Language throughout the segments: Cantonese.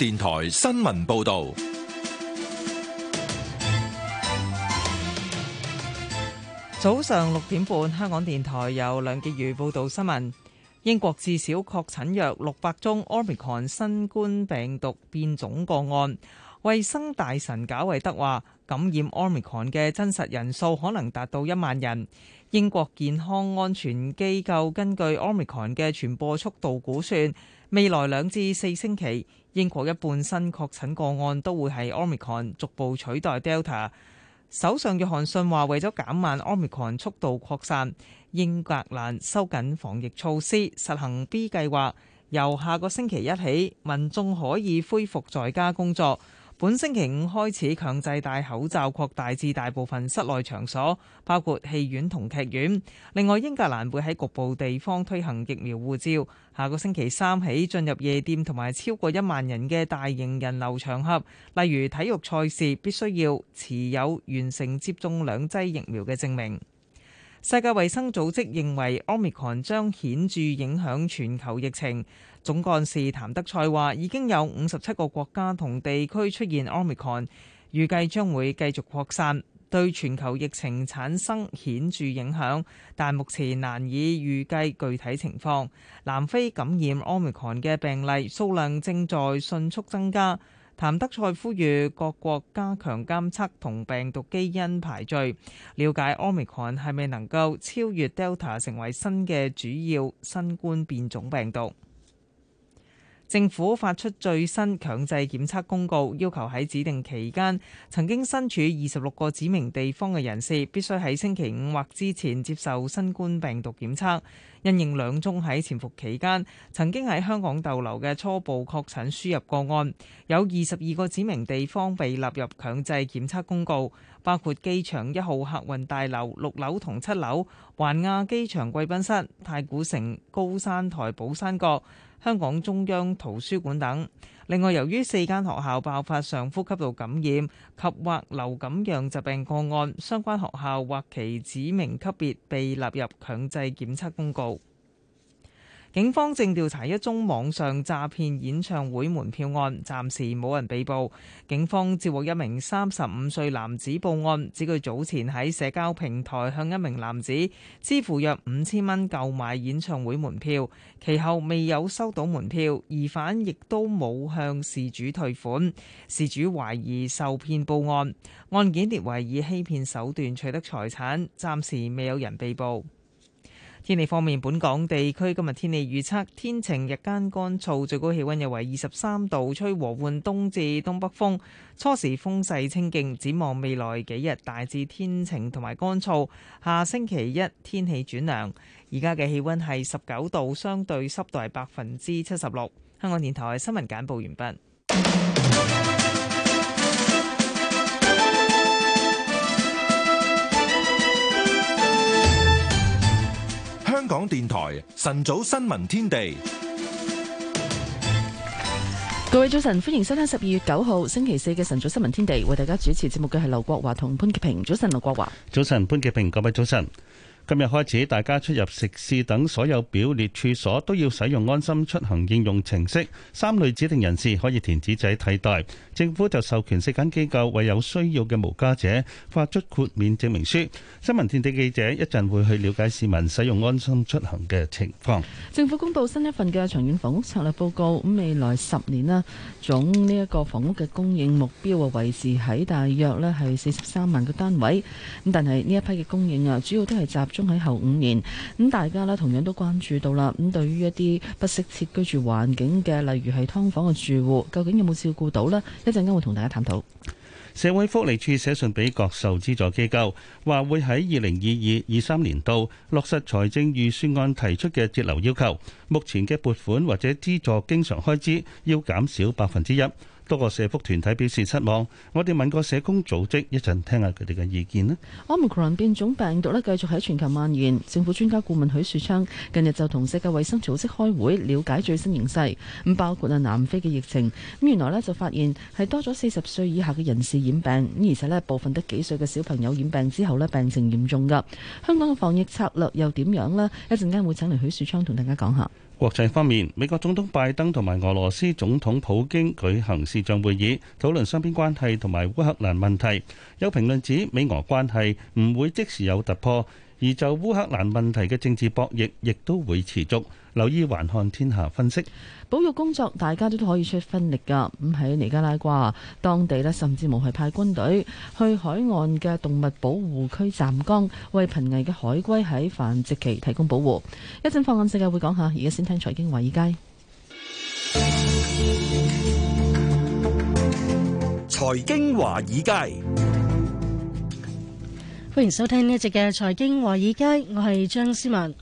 電台新聞報道，早上六點半，香港電台由梁潔如報道新聞。英國至少確診約六百宗 omicron 新冠病毒變種個案。衛生大臣賈維德話，感染 omicron 嘅真實人數可能達到一萬人。英國健康安全機構根據 omicron 嘅傳播速度估算。未來兩至四星期，英國一半新確診個案都會係 Omicron 逐步取代 Delta。首相約翰遜話：為咗減慢 Omicron 速度擴散，英格蘭收緊防疫措施，實行 B 計劃，由下個星期一起，民眾可以恢復在家工作。本星期五開始強制戴口罩，擴大至大部分室內場所，包括戲院同劇院。另外，英格蘭會喺局部地方推行疫苗護照。下個星期三起，進入夜店同埋超過一萬人嘅大型人流場合，例如體育賽事，必須要持有完成接種兩劑疫苗嘅證明。世界衛生組織認為，Omicron 將顯著影響全球疫情。總幹事譚德塞話：已經有五十七個國家同地區出現 Omicron，預計將會繼續擴散，對全球疫情產生顯著影響。但目前難以預計具體情況。南非感染 Omicron 嘅病例數量正在迅速增加。譚德塞呼籲各國家加強監測同病毒基因排序，了解 Omicron 係咪能夠超越 Delta 成為新嘅主要新冠變種病毒。政府發出最新強制檢測公告，要求喺指定期間曾經身處二十六個指明地方嘅人士，必須喺星期五或之前接受新冠病毒檢測，因應兩宗喺潛伏期間曾經喺香港逗留嘅初步確診輸入個案，有二十二個指明地方被納入強制檢測公告，包括機場一號客運大樓六樓同七樓、環亞機場貴賓室、太古城高山台寶山閣。香港中央圖書館等。另外，由於四間學校爆發上呼吸道感染及或流感樣疾病個案，相關學校或其指明級別被納入強制檢測公告。警方正調查一宗網上詐騙演唱會門票案，暫時冇人被捕。警方接獲一名三十五歲男子報案，指佢早前喺社交平台向一名男子支付約五千蚊購買演唱會門票，其後未有收到門票，疑犯亦都冇向事主退款。事主懷疑受騙報案，案件列為以欺騙手段取得財產，暫時未有人被捕。天氣方面，本港地區今日天氣預測天晴，日間乾燥，最高氣溫約為二十三度，吹和緩東至東北風，初時風勢清勁。展望未來幾日大致天晴同埋乾燥，下星期一天氣轉涼。而家嘅氣溫係十九度，相對濕度係百分之七十六。香港電台新聞簡報完畢。港電台晨早新聞天地，各位早晨，歡迎收聽十二月九號星期四嘅晨早新聞天地，為大家主持節目嘅係劉國華同潘潔平。早晨，劉國華，早晨，潘潔平，各位早晨。今日開始，大家出入食肆等所有表列處所都要使用安心出行應用程式。三類指定人士可以填紙仔替代。政府就授權食緊機構為有需要嘅無家者發出豁免證明書。新聞天地記者一陣會去了解市民使用安心出行嘅情況。政府公布新一份嘅長遠房屋策略報告，咁未來十年啦，總呢一個房屋嘅供應目標啊，維持喺大約咧係四十三萬個單位。咁但係呢一批嘅供應啊，主要都係集中喺後五年。咁大家啦，同樣都關注到啦。咁對於一啲不適切居住環境嘅，例如係劏房嘅住戶，究竟有冇照顧到呢？一陣間會同大家探討。社會福利署寫信俾各受資助機構，話會喺二零二二二三年度落實財政預算案提出嘅節流要求，目前嘅撥款或者資助經常開支要減少百分之一。多個社福團體表示失望，我哋問過社工組織，一陣聽下佢哋嘅意見啦。Omicron 變種病毒呢，繼續喺全球蔓延，政府專家顧問許樹昌近日就同世界衛生組織開會，了解最新形勢，咁包括啊南非嘅疫情，咁原來呢，就發現係多咗四十歲以下嘅人士染病，咁而且呢，部分得幾歲嘅小朋友染病之後呢，病情嚴重噶。香港嘅防疫策略又點樣呢？一陣間會請嚟許樹昌同大家講下。國際方面，美國總統拜登同埋俄羅斯總統普京舉行視像會議，討論雙邊關係同埋烏克蘭問題。有評論指，美俄關係唔會即時有突破，而就烏克蘭問題嘅政治博弈亦都會持續。留意橫看天下分析。保育工作，大家都都可以出分力㗎。咁喺尼加拉瓜當地呢，甚至無係派軍隊去海岸嘅動物保護區站崗，為瀕危嘅海龜喺繁殖期提供保護。一陣放眼世界會講下，而家先聽財經華爾街。財經華爾街，歡迎收聽呢一節嘅財經華爾街，我係張思文。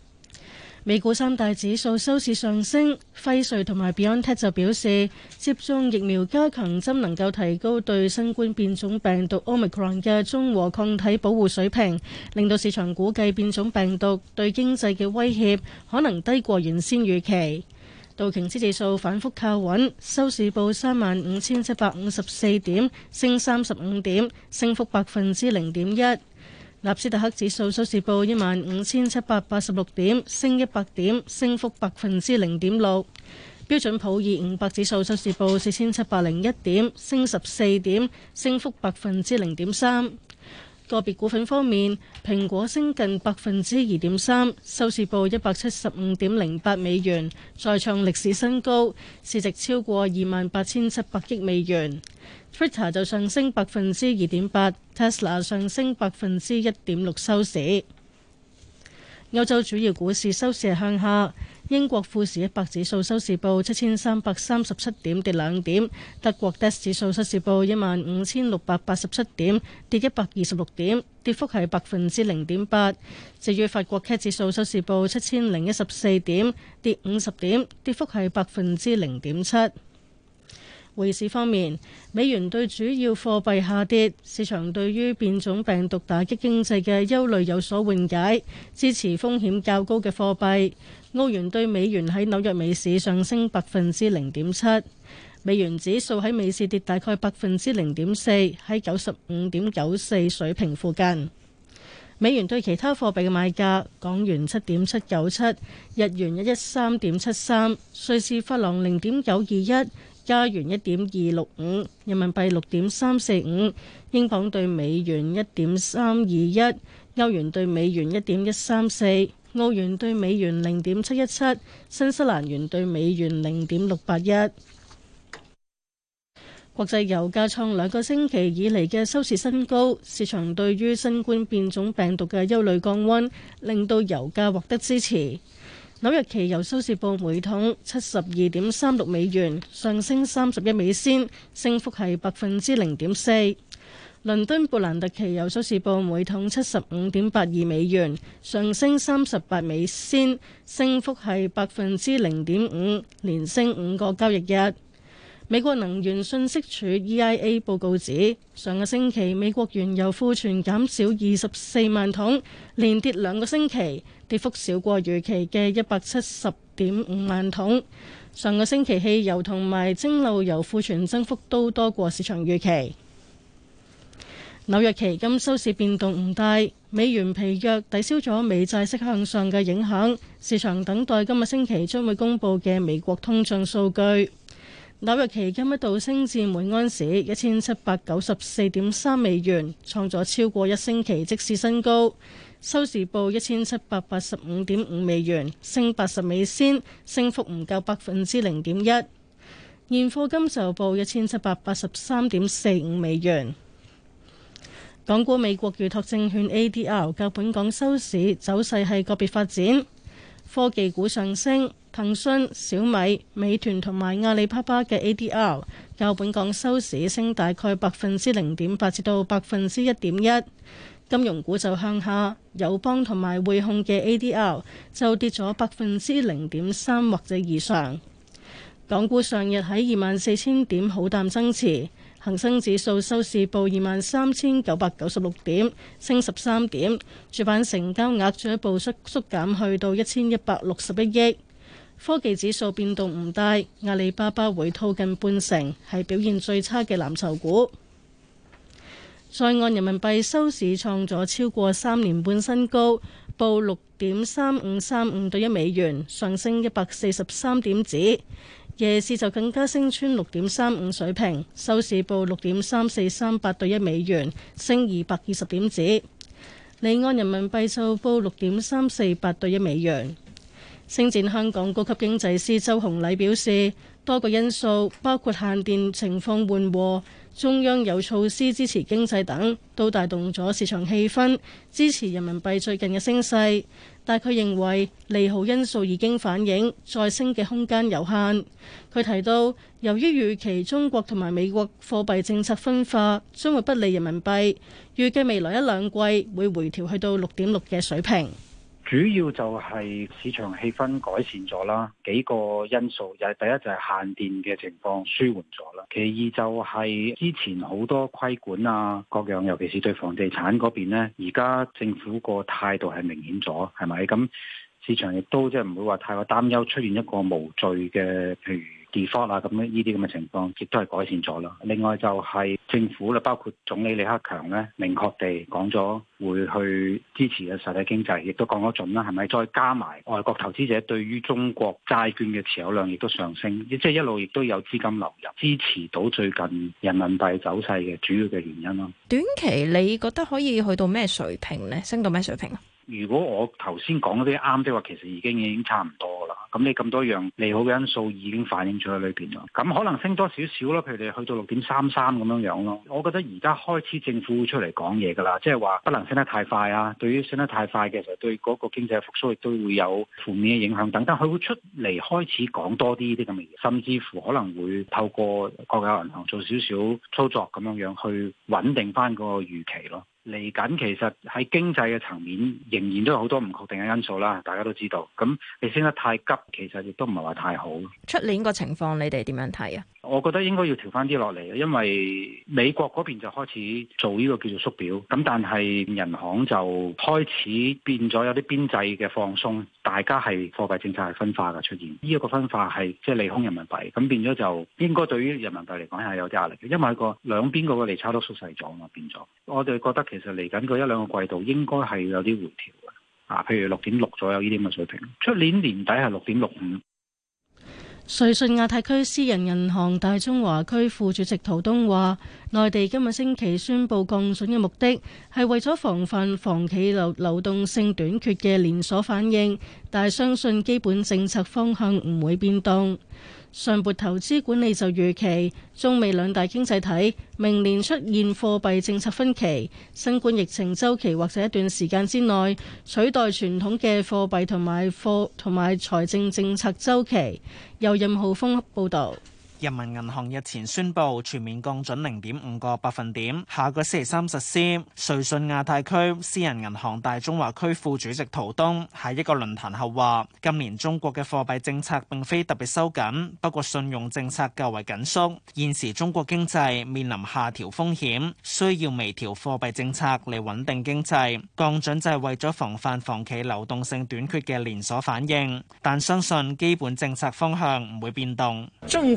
美股三大指數收市上升，輝瑞同埋 BioNTech 就表示，接種疫苗加強針能夠提高對新冠變種病毒 Omicron 嘅中和抗體保護水平，令到市場估計變種病毒對經濟嘅威脅可能低過原先預期。道瓊斯指數反覆靠穩，收市報三萬五千七百五十四點，升三十五點，升幅百分之零點一。納斯達克指數收市報一萬五千七百八十六點，升一百點，升幅百分之零點六。標準普爾五百指數收市報四千七百零一點，升十四點，升幅百分之零點三。個別股份方面，蘋果升近百分之二點三，收市報一百七十五點零八美元，再創歷史新高，市值超過二萬八千七百億美元。f w i t a 就上升百分之二點八，Tesla 上升百分之一點六收市。歐洲主要股市收市係向下。英國富時一百指數收市報七千三百三十七點，跌兩點。德國 DAX 指數收市報一萬五千六百八十七點，跌一百二十六點，跌幅係百分之零點八。至於法國 CAC 指數收市報七千零一十四點，跌五十點，跌幅係百分之零點七。匯市方面，美元對主要貨幣下跌，市場對於變種病毒打擊經濟嘅憂慮有所緩解，支持風險較高嘅貨幣。歐元對美元喺紐約美市上升百分之零點七，美元指數喺美市跌大概百分之零點四，喺九十五點九四水平附近。美元對其他貨幣嘅賣價：港元七點七九七，日元一一三點七三，瑞士法郎零點九二一。加元一點二六五，人民幣六點三四五，英鎊對美元一點三二一，歐元對美元一點一三四，澳元對美元零點七一七，新西蘭元對美元零點六八一。國際油價創兩個星期以嚟嘅收市新高，市場對於新冠變種病毒嘅憂慮降溫，令到油價獲得支持。紐約期油收市報每桶七十二點三六美元，上升三十一美仙，升幅係百分之零點四。倫敦布蘭特期油收市報每桶七十五點八二美元，上升三十八美仙，升幅係百分之零點五，連升五個交易日。美國能源信息處 （EIA） 報告指，上個星期美國原油庫存減少二十四萬桶，連跌兩個星期，跌幅少過預期嘅一百七十點五萬桶。上個星期汽油同埋蒸餾油庫存增幅都多過市場預期。紐約期金收市變動唔大，美元疲弱抵消咗美債息向上嘅影響，市場等待今個星期將會公佈嘅美國通脹數據。紐約期金一度升至每安士一千七百九十四點三美元，創咗超過一星期即市新高，收市報一千七百八十五點五美元，升八十美仙，升幅唔夠百分之零點一。現貨金收報一千七百八十三點四五美元。港股美國預託證券 ADR 較本港收市走勢係個別發展。科技股上升，騰訊、小米、美團同埋阿里巴巴嘅 ADR 就本港收市升大概百分之零點八至到百分之一點一。金融股就向下，友邦同埋匯控嘅 ADR 就跌咗百分之零點三或者以上。港股上日喺二萬四千點好淡增持。恒生指數收市報二萬三千九百九十六點，升十三點。主板成交額進一步縮縮減，去到一千一百六十一億。科技指數變動唔大，阿里巴巴回吐近半成，係表現最差嘅藍籌股。在岸人民幣收市創咗超過三年半新高，報六點三五三五兌一美元，上升一百四十三點子。夜市就更加升穿六點三五水平，收市報六點三四三八對一美元，升二百二十點子。離岸人民幣就報六點三四八對一美元。星展香港高級經濟師周鴻禮表示，多個因素包括限電情況緩和、中央有措施支持經濟等，都帶動咗市場氣氛，支持人民幣最近嘅升勢。但佢認為利好因素已經反映，再升嘅空間有限。佢提到，由於預期中國同埋美國貨幣政策分化，將會不利人民幣，預計未來一兩季會回調去到六點六嘅水平。主要就係市場氣氛改善咗啦，幾個因素，就係第一就係限電嘅情況舒緩咗啦，其二就係之前好多規管啊各樣，尤其是對房地產嗰邊呢，而家政府個態度係明顯咗，係咪，咁市場亦都即係唔會話太過擔憂出現一個無序嘅譬如 default 啊咁樣呢啲咁嘅情況，亦都係改善咗啦。另外就係、是。政府啦，包括總理李克強咧，明確地講咗會去支持嘅實體經濟，亦都講得準啦，係咪？再加埋外國投資者對於中國債券嘅持有量亦都上升，即係一路亦都有資金流入，支持到最近人民幣走勢嘅主要嘅原因囉。短期你覺得可以去到咩水平咧？升到咩水平？如果我頭先講嗰啲啱嘅話，其實已經已經差唔多。咁你咁多樣利好嘅因素已經反映咗喺裏邊啦，咁可能升多少少啦。譬如你去到六點三三咁樣樣咯。我覺得而家開始政府會出嚟講嘢噶啦，即係話不能升得太快啊。對於升得太快嘅，就對嗰個經濟復甦亦都會有負面嘅影響。等等，佢會出嚟開始講多啲呢啲咁嘅嘢，甚至乎可能會透過國有銀行做少少操作咁樣樣去穩定翻個預期咯。嚟緊其實喺經濟嘅層面仍然都有好多唔確定嘅因素啦，大家都知道。咁你升得太急，其實亦都唔係話太好。出年個情況，你哋點樣睇啊？我覺得應該要調翻啲落嚟，因為美國嗰邊就開始做呢個叫做縮表。咁但係銀行就開始變咗有啲邊際嘅放鬆，大家係貨幣政策係分化嘅出現。呢一個分化係即係利空人民幣，咁變咗就應該對於人民幣嚟講係有啲壓力，因為個兩邊嗰個利差都縮細咗啊嘛，變咗。我哋覺得其實其實嚟緊個一兩個季度應該係有啲回調嘅啊，譬如六點六左右呢啲咁嘅水平。出年年底係六點六五。瑞信亞太區私人銀行大中華區副主席陶東話，內地今日星期宣布降準嘅目的係為咗防範房企流流動性短缺嘅連鎖反應，但係相信基本政策方向唔會變動。上撥投資管理就預期中美兩大經濟體明年出現貨幣政策分歧，新冠疫情週期或者一段時間之內取代傳統嘅貨幣同埋貨同埋財政政策週期。由任浩峰報道。人民銀行日前宣布全面降準零點五個百分點，下個星期三實施。瑞信亞太區私人銀行大中華區副主席陶東喺一個論壇後話：今年中國嘅貨幣政策並非特別收緊，不過信用政策較為緊縮。現時中國經濟面臨下調風險，需要微調貨幣政策嚟穩定經濟。降準就係為咗防範房企流動性短缺嘅連鎖反應，但相信基本政策方向唔會變動。中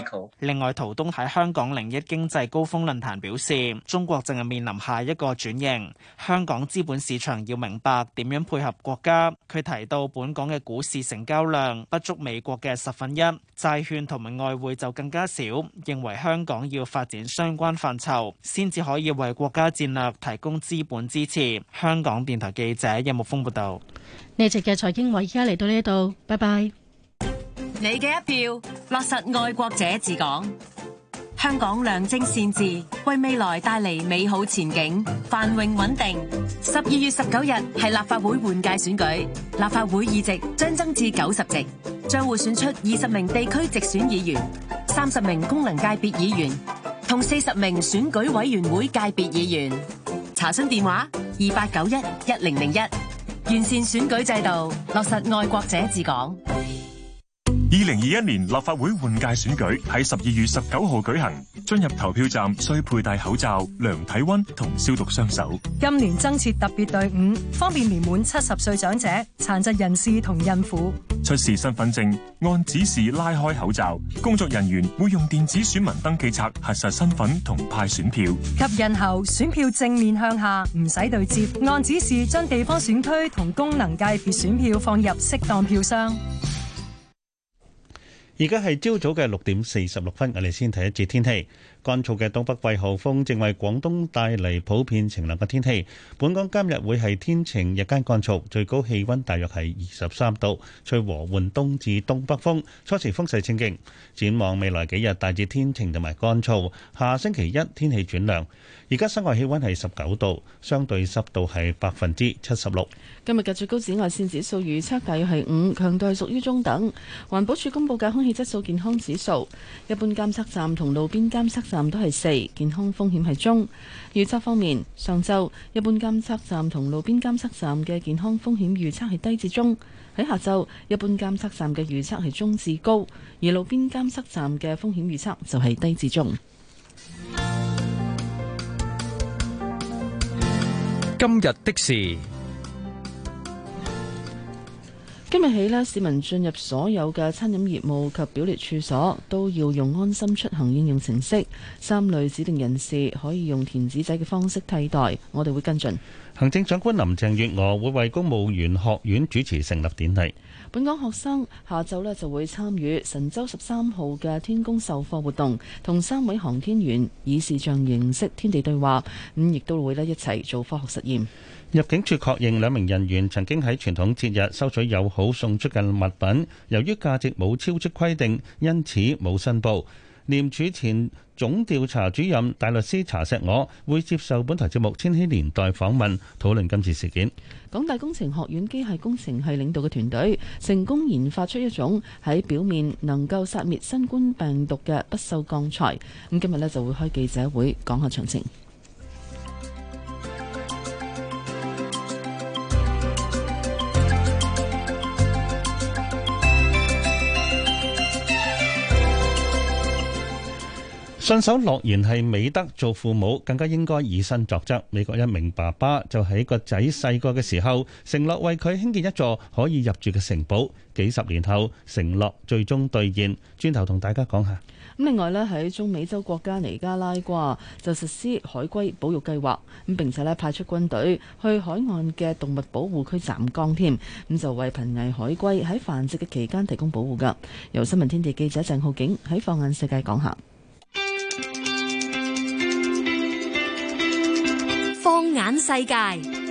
另外，陶冬喺香港01經濟高峰論壇表示，中國正係面臨下一個轉型，香港資本市場要明白點樣配合國家。佢提到，本港嘅股市成交量不足美國嘅十分一，債券同埋外匯就更加少，認為香港要發展相關範疇，先至可以為國家戰略提供資本支持。香港電台記者任木峰報道。呢節嘅財經話，而家嚟到呢度，拜拜。你嘅一票，落實愛國者治港。香港良政善治，為未來帶嚟美好前景，繁榮穩定。十二月二零二一年立法會換屆選舉喺十二月十九號舉行，進入投票站需佩戴口罩、量體溫同消毒雙手。今年增設特別隊伍，方便年滿七十歲長者、殘疾人士同孕婦出示身份證，按指示拉開口罩，工作人員會用電子選民登記冊核實身份同派選票。及印後選票正面向下，唔使對接，按指示將地方選區同功能界別選票放入適當票箱。而家係朝早嘅六點四十六分，我哋先睇一節天氣。乾燥嘅東北季候風正為廣東帶嚟普遍晴朗嘅天氣。本港今日會係天晴，日間乾燥，最高氣温大約係二十三度，吹和緩東至東北風，初時風勢清勁。展望未來幾日，大致天晴同埋乾燥。下星期一天氣轉涼。而家室外氣温係十九度，相對濕度係百分之七十六。今日嘅最高紫外線指數預測大約係五，強度係屬於中等。環保署公布嘅空氣質素健康指數，一般監測站同路邊監測站都係四，健康風險係中。預測方面，上晝一般監測站同路邊監測站嘅健康風險預測係低至中；喺下晝，一般監測站嘅預測係中至高，而路邊監測站嘅風險預測就係低至中。今日的事。今日起呢，市民進入所有嘅餐飲業務及表列處所，都要用安心出行應用程式。三類指定人士可以用填紙仔嘅方式替代。我哋會跟進。行政長官林鄭月娥會為公務員學院主持成立典禮。本港學生下晝呢就會參與神舟十三號嘅天宮授課活動，同三位航天員以視像形式天地對話。咁亦都會呢，一齊做科學實驗。入境處確認兩名人員曾經喺傳統節日收取友好送出嘅物品，由於價值冇超出規定，因此冇申報。廉署前總調查主任大律師查錫我，會接受本台節目《千禧年代》訪問，討論今次事件。港大工程學院機械工程系領導嘅團隊，成功研發出一種喺表面能夠殺滅新冠病毒嘅不鏽鋼材。咁今日呢就會開記者會講下詳情。遵守諾言係美德，做父母更加應該以身作則。美國一名爸爸就喺個仔細個嘅時候承諾為佢興建一座可以入住嘅城堡。幾十年後承諾最終兌現。轉頭同大家講下咁。另外咧喺中美洲國家尼加拉瓜就實施海龜保育計劃咁，並且咧派出軍隊去海岸嘅動物保護區站崗，添咁就為瀕危海龜喺繁殖嘅期間提供保護㗎。由新聞天地記者鄭浩景喺放眼世界講下。眼世界。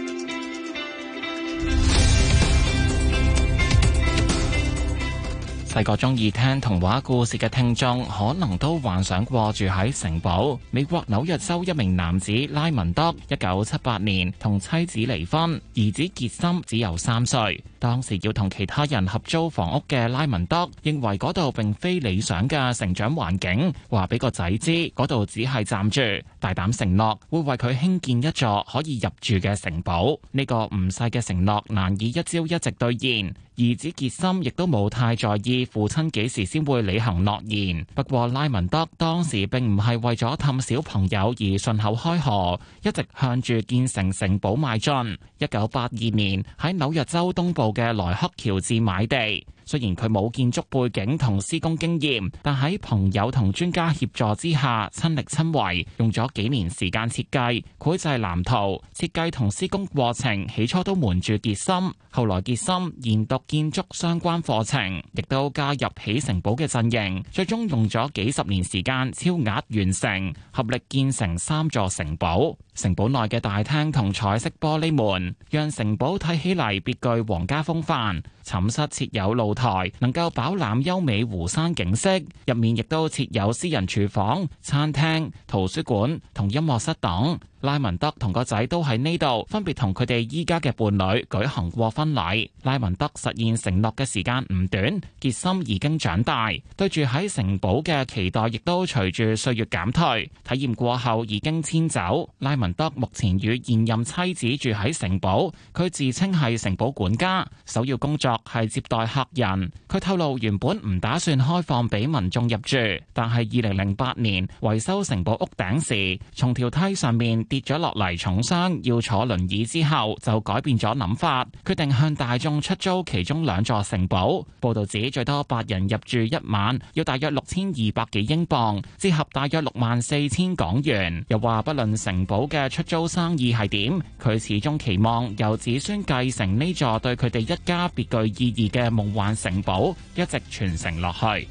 細個中意聽童話故事嘅聽眾，可能都幻想過住喺城堡。美國紐約州一名男子拉文德，一九七八年同妻子離婚，兒子傑森只有三歲。當時要同其他人合租房屋嘅拉文德，認為嗰度並非理想嘅成長環境，話俾個仔知嗰度只係暫住。大膽承諾會為佢興建一座可以入住嘅城堡。呢個唔細嘅承諾，難以一朝一夕兌現。兒子杰森亦都冇太在意父親幾時先會履行諾言。不過拉文德當時並唔係為咗氹小朋友而順口開河，一直向住建成城堡邁進，一九八二年喺紐約州東部嘅萊克喬治買地。雖然佢冇建築背景同施工經驗，但喺朋友同專家協助之下，親力親為，用咗幾年時間設計、繪製藍圖、設計同施工過程。起初都瞞住傑森，後來傑森研讀建築相關課程，亦都加入起城堡嘅陣營，最終用咗幾十年時間超額完成，合力建成三座城堡。城堡內嘅大廳同彩色玻璃門，讓城堡睇起嚟別具皇家風範。寢室設有露台，能夠飽覽優美湖山景色。入面亦都設有私人廚房、餐廳、圖書館同音樂室等。拉文德同個仔都喺呢度，分別同佢哋依家嘅伴侶舉行過婚禮。拉文德實現承諾嘅時間唔短，傑森已經長大，對住喺城堡嘅期待亦都隨住歲月減退。體驗過後已經遷走。拉文德目前與現任妻子住喺城堡，佢自稱係城堡管家，首要工作係接待客人。佢透露原本唔打算開放俾民眾入住，但係二零零八年維修城堡屋頂時，從條梯上面，跌咗落嚟，重傷要坐輪椅之後，就改變咗諗法，決定向大眾出租其中兩座城堡。報道指，最多八人入住一晚，要大約六千二百幾英鎊，折合大約六萬四千港元。又話，不論城堡嘅出租生意係點，佢始終期望由子孫繼承呢座對佢哋一家別具意義嘅夢幻城堡，一直傳承落去。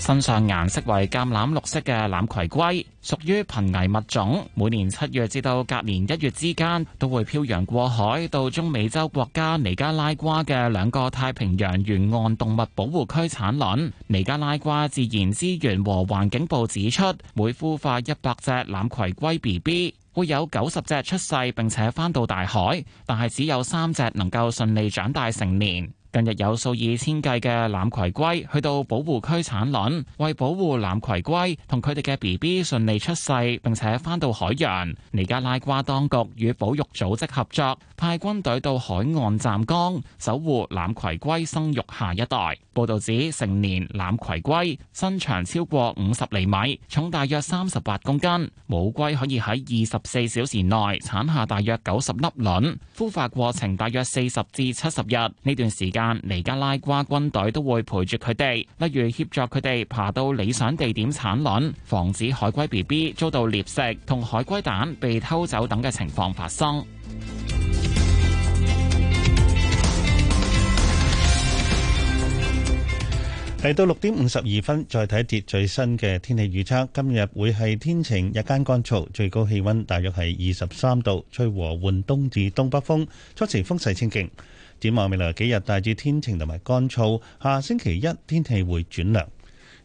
身上顏色為橄欖綠色嘅欖葵龜屬於瀕危物種，每年七月至到隔年一月之間都會漂洋過海到中美洲國家尼加拉瓜嘅兩個太平洋沿岸動物保護區產卵。尼加拉瓜自然資源和環境部指出，每孵化一百隻欖葵龜 B B，會有九十隻出世並且翻到大海，但係只有三隻能夠順利長大成年。近日有數以千計嘅藍葵龜去到保護區產卵，為保護藍葵龜同佢哋嘅 B B 順利出世並且翻到海洋，尼加拉瓜當局與保育組織合作，派軍隊到海岸站崗，守護藍葵龜生育下一代。報導指，成年藍葵龜身長超過五十厘米，重大約三十八公斤。母龜可以喺二十四小時內產下大約九十粒卵，孵化過程大約四十至七十日。呢段時間。但尼加拉瓜軍隊都會陪住佢哋，例如協助佢哋爬到理想地點產卵，防止海龜 B B 遭到獵食同海龜蛋被偷走等嘅情況發生。嚟到六點五十二分，再睇一節最新嘅天氣預測。今日會係天晴，日間乾，乾燥，最高氣溫大約係二十三度，吹和緩東至東北風，初時風勢清勁。展望未來幾日大致天晴同埋乾燥，下星期一天氣會轉涼。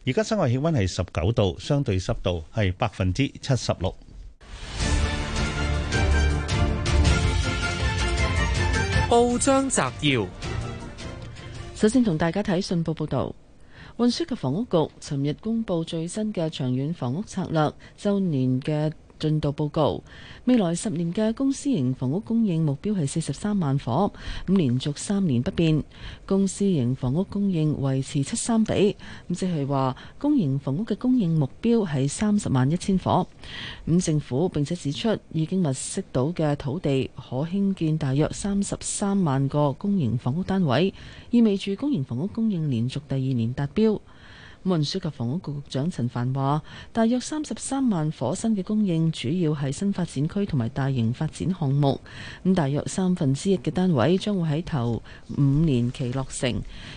而家室外氣溫係十九度，相對濕度係百分之七十六。報章摘要，首先同大家睇信報報道，運輸及房屋局尋日公布最新嘅長遠房屋策略，週年嘅進度報告，未來十年嘅公私營房屋供應目標係四十三萬伙，咁連續三年不變。公私營房屋供應維持七三比，咁即係話公營房屋嘅供應目標係三十萬一千伙。咁政府並且指出，已經物色到嘅土地可興建大約三十三萬個公營房屋單位，意味住公營房屋供應連續第二年達標。運輸及房屋局局長陳帆話：大約三十三萬伙新嘅供應，主要係新發展區同埋大型發展項目。咁大約三分之一嘅單位將會喺頭五年期落成，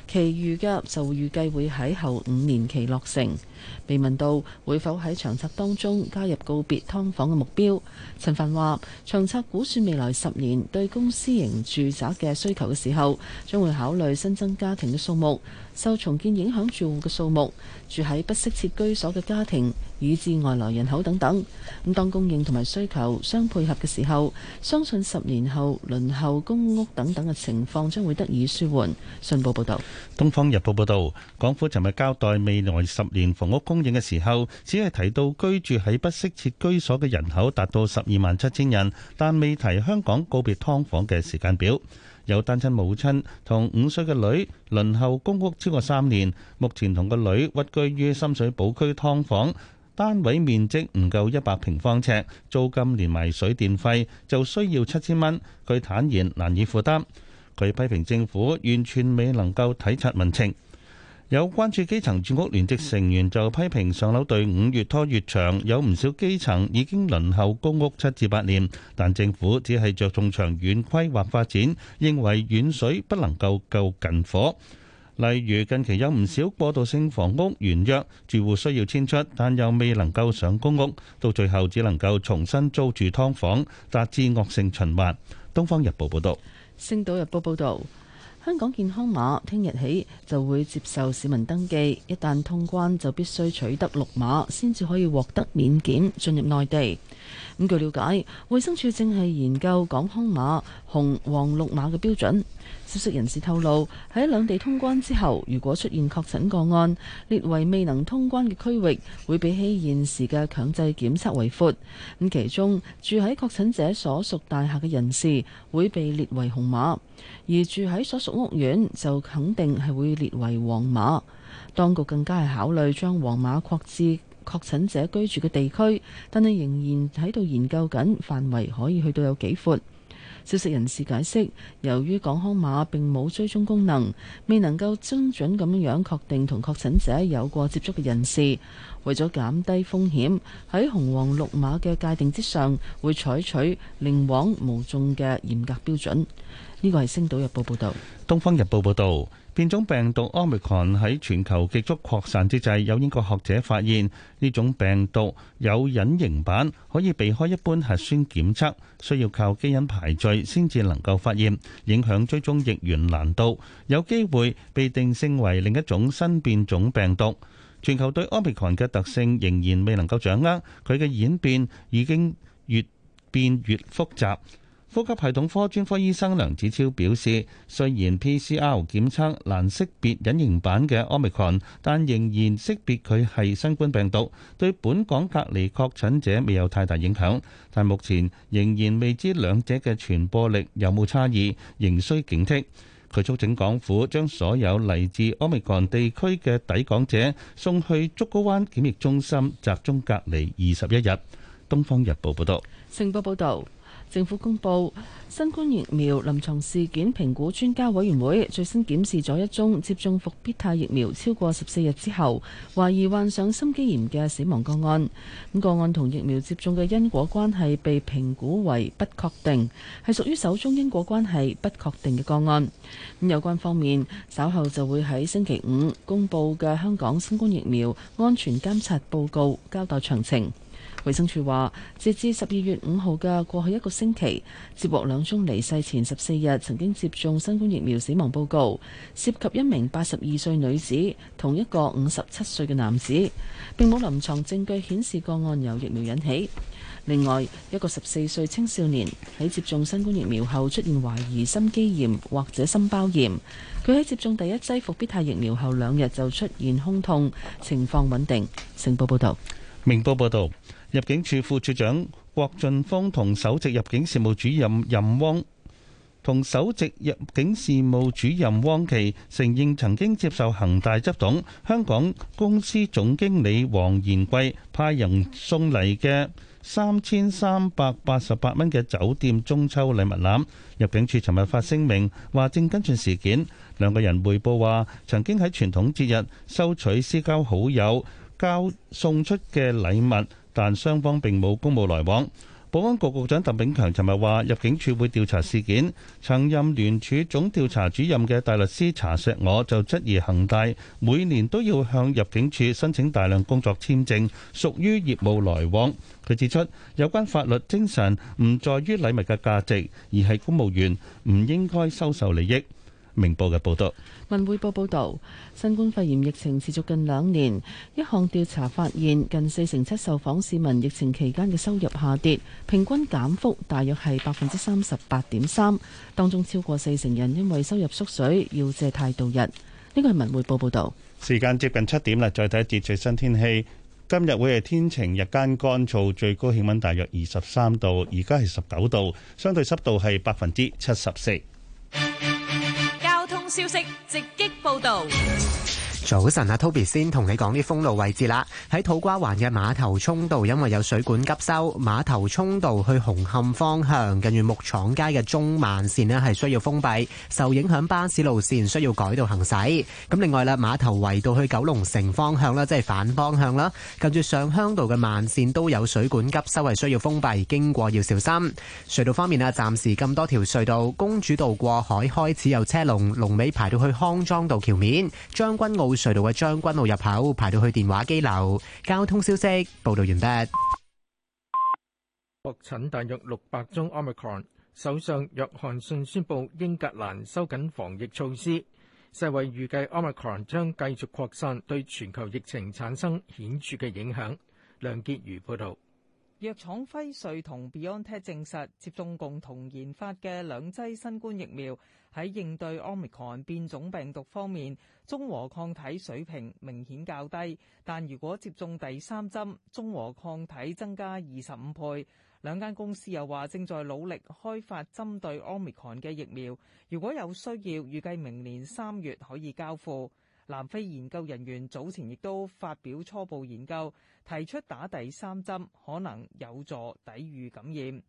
其餘嘅就預計會喺後五年期落成。被問到會否喺長策當中加入告別劏房嘅目標，陳帆話長策估算未來十年對公私營住宅嘅需求嘅時候，將會考慮新增家庭嘅數目、受重建影響住戶嘅數目、住喺不適切居所嘅家庭。以至外來人口等等，咁當供應同埋需求相配合嘅時候，相信十年後輪候公屋等等嘅情況將會得以舒緩。信報報道，《東方日報》報道，港府尋日交代未來十年房屋供應嘅時候，只係提到居住喺不適切居所嘅人口達到十二萬七千人，但未提香港告別劏房嘅時間表。有單親母親同五歲嘅女輪候公屋超過三年，目前同個女屈居於深水埗區劏房。單位面積唔夠一百平方尺，租金連埋水電費就需要七千蚊。佢坦言難以負擔。佢批評政府完全未能夠體察民情。有關注基層住屋聯席成員就批評上樓隊伍越拖越長，有唔少基層已經輪候公屋七至八年，但政府只係着重長遠規劃發展，認為遠水不能夠救近火。例如近期有唔少過渡性房屋預約，住戶需要遷出，但又未能夠上公屋，到最後只能夠重新租住劏房，達至惡性循環。《東方日報》報導，《星島日報》報導，香港健康碼聽日起就會接受市民登記，一旦通關就必須取得綠碼，先至可以獲得免檢進入內地。咁據了解，衛生署正係研究港康碼紅黃綠碼嘅標準。消息人士透露，喺兩地通關之後，如果出現確診個案，列為未能通關嘅區域，會比起現時嘅強制檢測為寬。咁其中住喺確診者所屬大廈嘅人士，會被列為紅碼；而住喺所屬屋苑就肯定係會列為黃碼。當局更加係考慮將黃碼擴至。確診者居住嘅地區，但係仍然喺度研究緊範圍可以去到有幾闊。消息人士解釋，由於港康碼並冇追蹤功能，未能夠精準咁樣確定同確診者有過接觸嘅人士。為咗減低風險，喺紅黃綠碼嘅界定之上，會採取寧枉毋縱嘅嚴格標準。呢個係《星島日報》報道，《東方日報》報道。變種病毒 Omicron 喺全球急速擴散之際，有英國學者發現呢種病毒有隱形版，可以避開一般核酸檢測，需要靠基因排序先至能夠發現，影響追蹤疫源難度，有機會被定性為另一種新變種病毒。全球對 Omicron 嘅特性仍然未能夠掌握，佢嘅演變已經越變越複雜。呼吸系統科專科醫生梁子超表示，雖然 P C R 檢測難識別隱形版嘅 Omicron，但仍然識別佢係新冠病毒，對本港隔離確診者未有太大影響。但目前仍然未知兩者嘅傳播力有冇差異，仍需警惕。佢促請港府將所有嚟自 Omicron 地區嘅抵港者送去竹篙灣檢疫中心集中隔離二十一日。《東方日報》報道，《星報》報道。政府公布，新冠疫苗臨床事件評估專家委員會最新檢視咗一宗接種復必泰疫苗超過十四日之後懷疑患上心肌炎嘅死亡個案。個案同疫苗接種嘅因果關係被評估為不確定，係屬於首宗因果關係不確定嘅個案。咁有關方面稍後就會喺星期五公布嘅香港新冠疫苗安全監察報告，交代詳情。衛生署話，截至十二月五號嘅過去一個星期，接獲兩宗離世前十四日曾經接種新冠疫苗死亡報告，涉及一名八十二歲女子同一個五十七歲嘅男子，並冇臨床證據顯示個案由疫苗引起。另外，一個十四歲青少年喺接種新冠疫苗後出現懷疑心肌炎或者心包炎，佢喺接種第一劑復必泰疫苗後兩日就出現胸痛，情況穩定。成報報道，明報報道。入境處副處長郭俊峰、同首席入境事務主任任汪同首席入境事務主任汪琪，承認曾經接受恒大執董香港公司總經理黃賢貴派人送嚟嘅三千三百八十八蚊嘅酒店中秋禮物籃。入境處尋日發聲明話，正跟進事件。兩個人匯報話，曾經喺傳統節日收取私交好友交送出嘅禮物。但雙方並冇公務來往。保安局局長鄧炳強尋日話，入境處會調查事件。曾任廉署總調查主任嘅大律師查錫我就質疑，恒大每年都要向入境處申請大量工作簽證，屬於業務來往。佢指出，有關法律精神唔在於禮物嘅價值，而係公務員唔應該收受利益。明報嘅報道，文匯報報道，新冠肺炎疫情持續近兩年，一項調查發現，近四成七受訪市民疫情期間嘅收入下跌，平均減幅大約係百分之三十八點三，當中超過四成人因為收入縮水要借貸度日。呢個係文匯報報道。時間接近七點啦，再睇一節最新天氣。今日會係天晴，日間乾，乾燥，最高氣温大約二十三度，而家係十九度，相對濕度係百分之七十四。消息直擊報導。早晨啊，Toby 先同你講啲封路位置啦。喺土瓜灣嘅碼頭涌道，因為有水管急修，碼頭涌道去紅磡方向，近住木廠街嘅中慢線呢係需要封閉，受影響巴士路線需要改道行駛。咁另外啦，碼頭圍道去九龍城方向啦，即係反方向啦，近住上鄉道嘅慢線都有水管急修，係需要封閉，經過要小心。隧道方面啊，暫時咁多條隧道，公主道過海開始有車龍，龍尾排到去康莊道橋面，將軍澳，隧道嘅將軍澳入口排到去電話機樓。交通消息報道完畢。確診大約六百宗 Omicron。首相約翰遜宣布英格蘭收緊防疫措施。世衛預計 Omicron 將繼續擴散，對全球疫情產生顯著嘅影響。梁潔瑜報道。藥廠輝瑞同 BioNTech 證實，接種共同研發嘅兩劑新冠疫苗，喺應對 Omicron 變種病毒方面，中和抗體水平明顯較低，但如果接種第三針，中和抗體增加二十五倍。兩間公司又話正在努力開發針對 Omicron 嘅疫苗，如果有需要，預計明年三月可以交付。南非研究人員早前亦都發表初步研究，提出打第三針可能有助抵禦感染。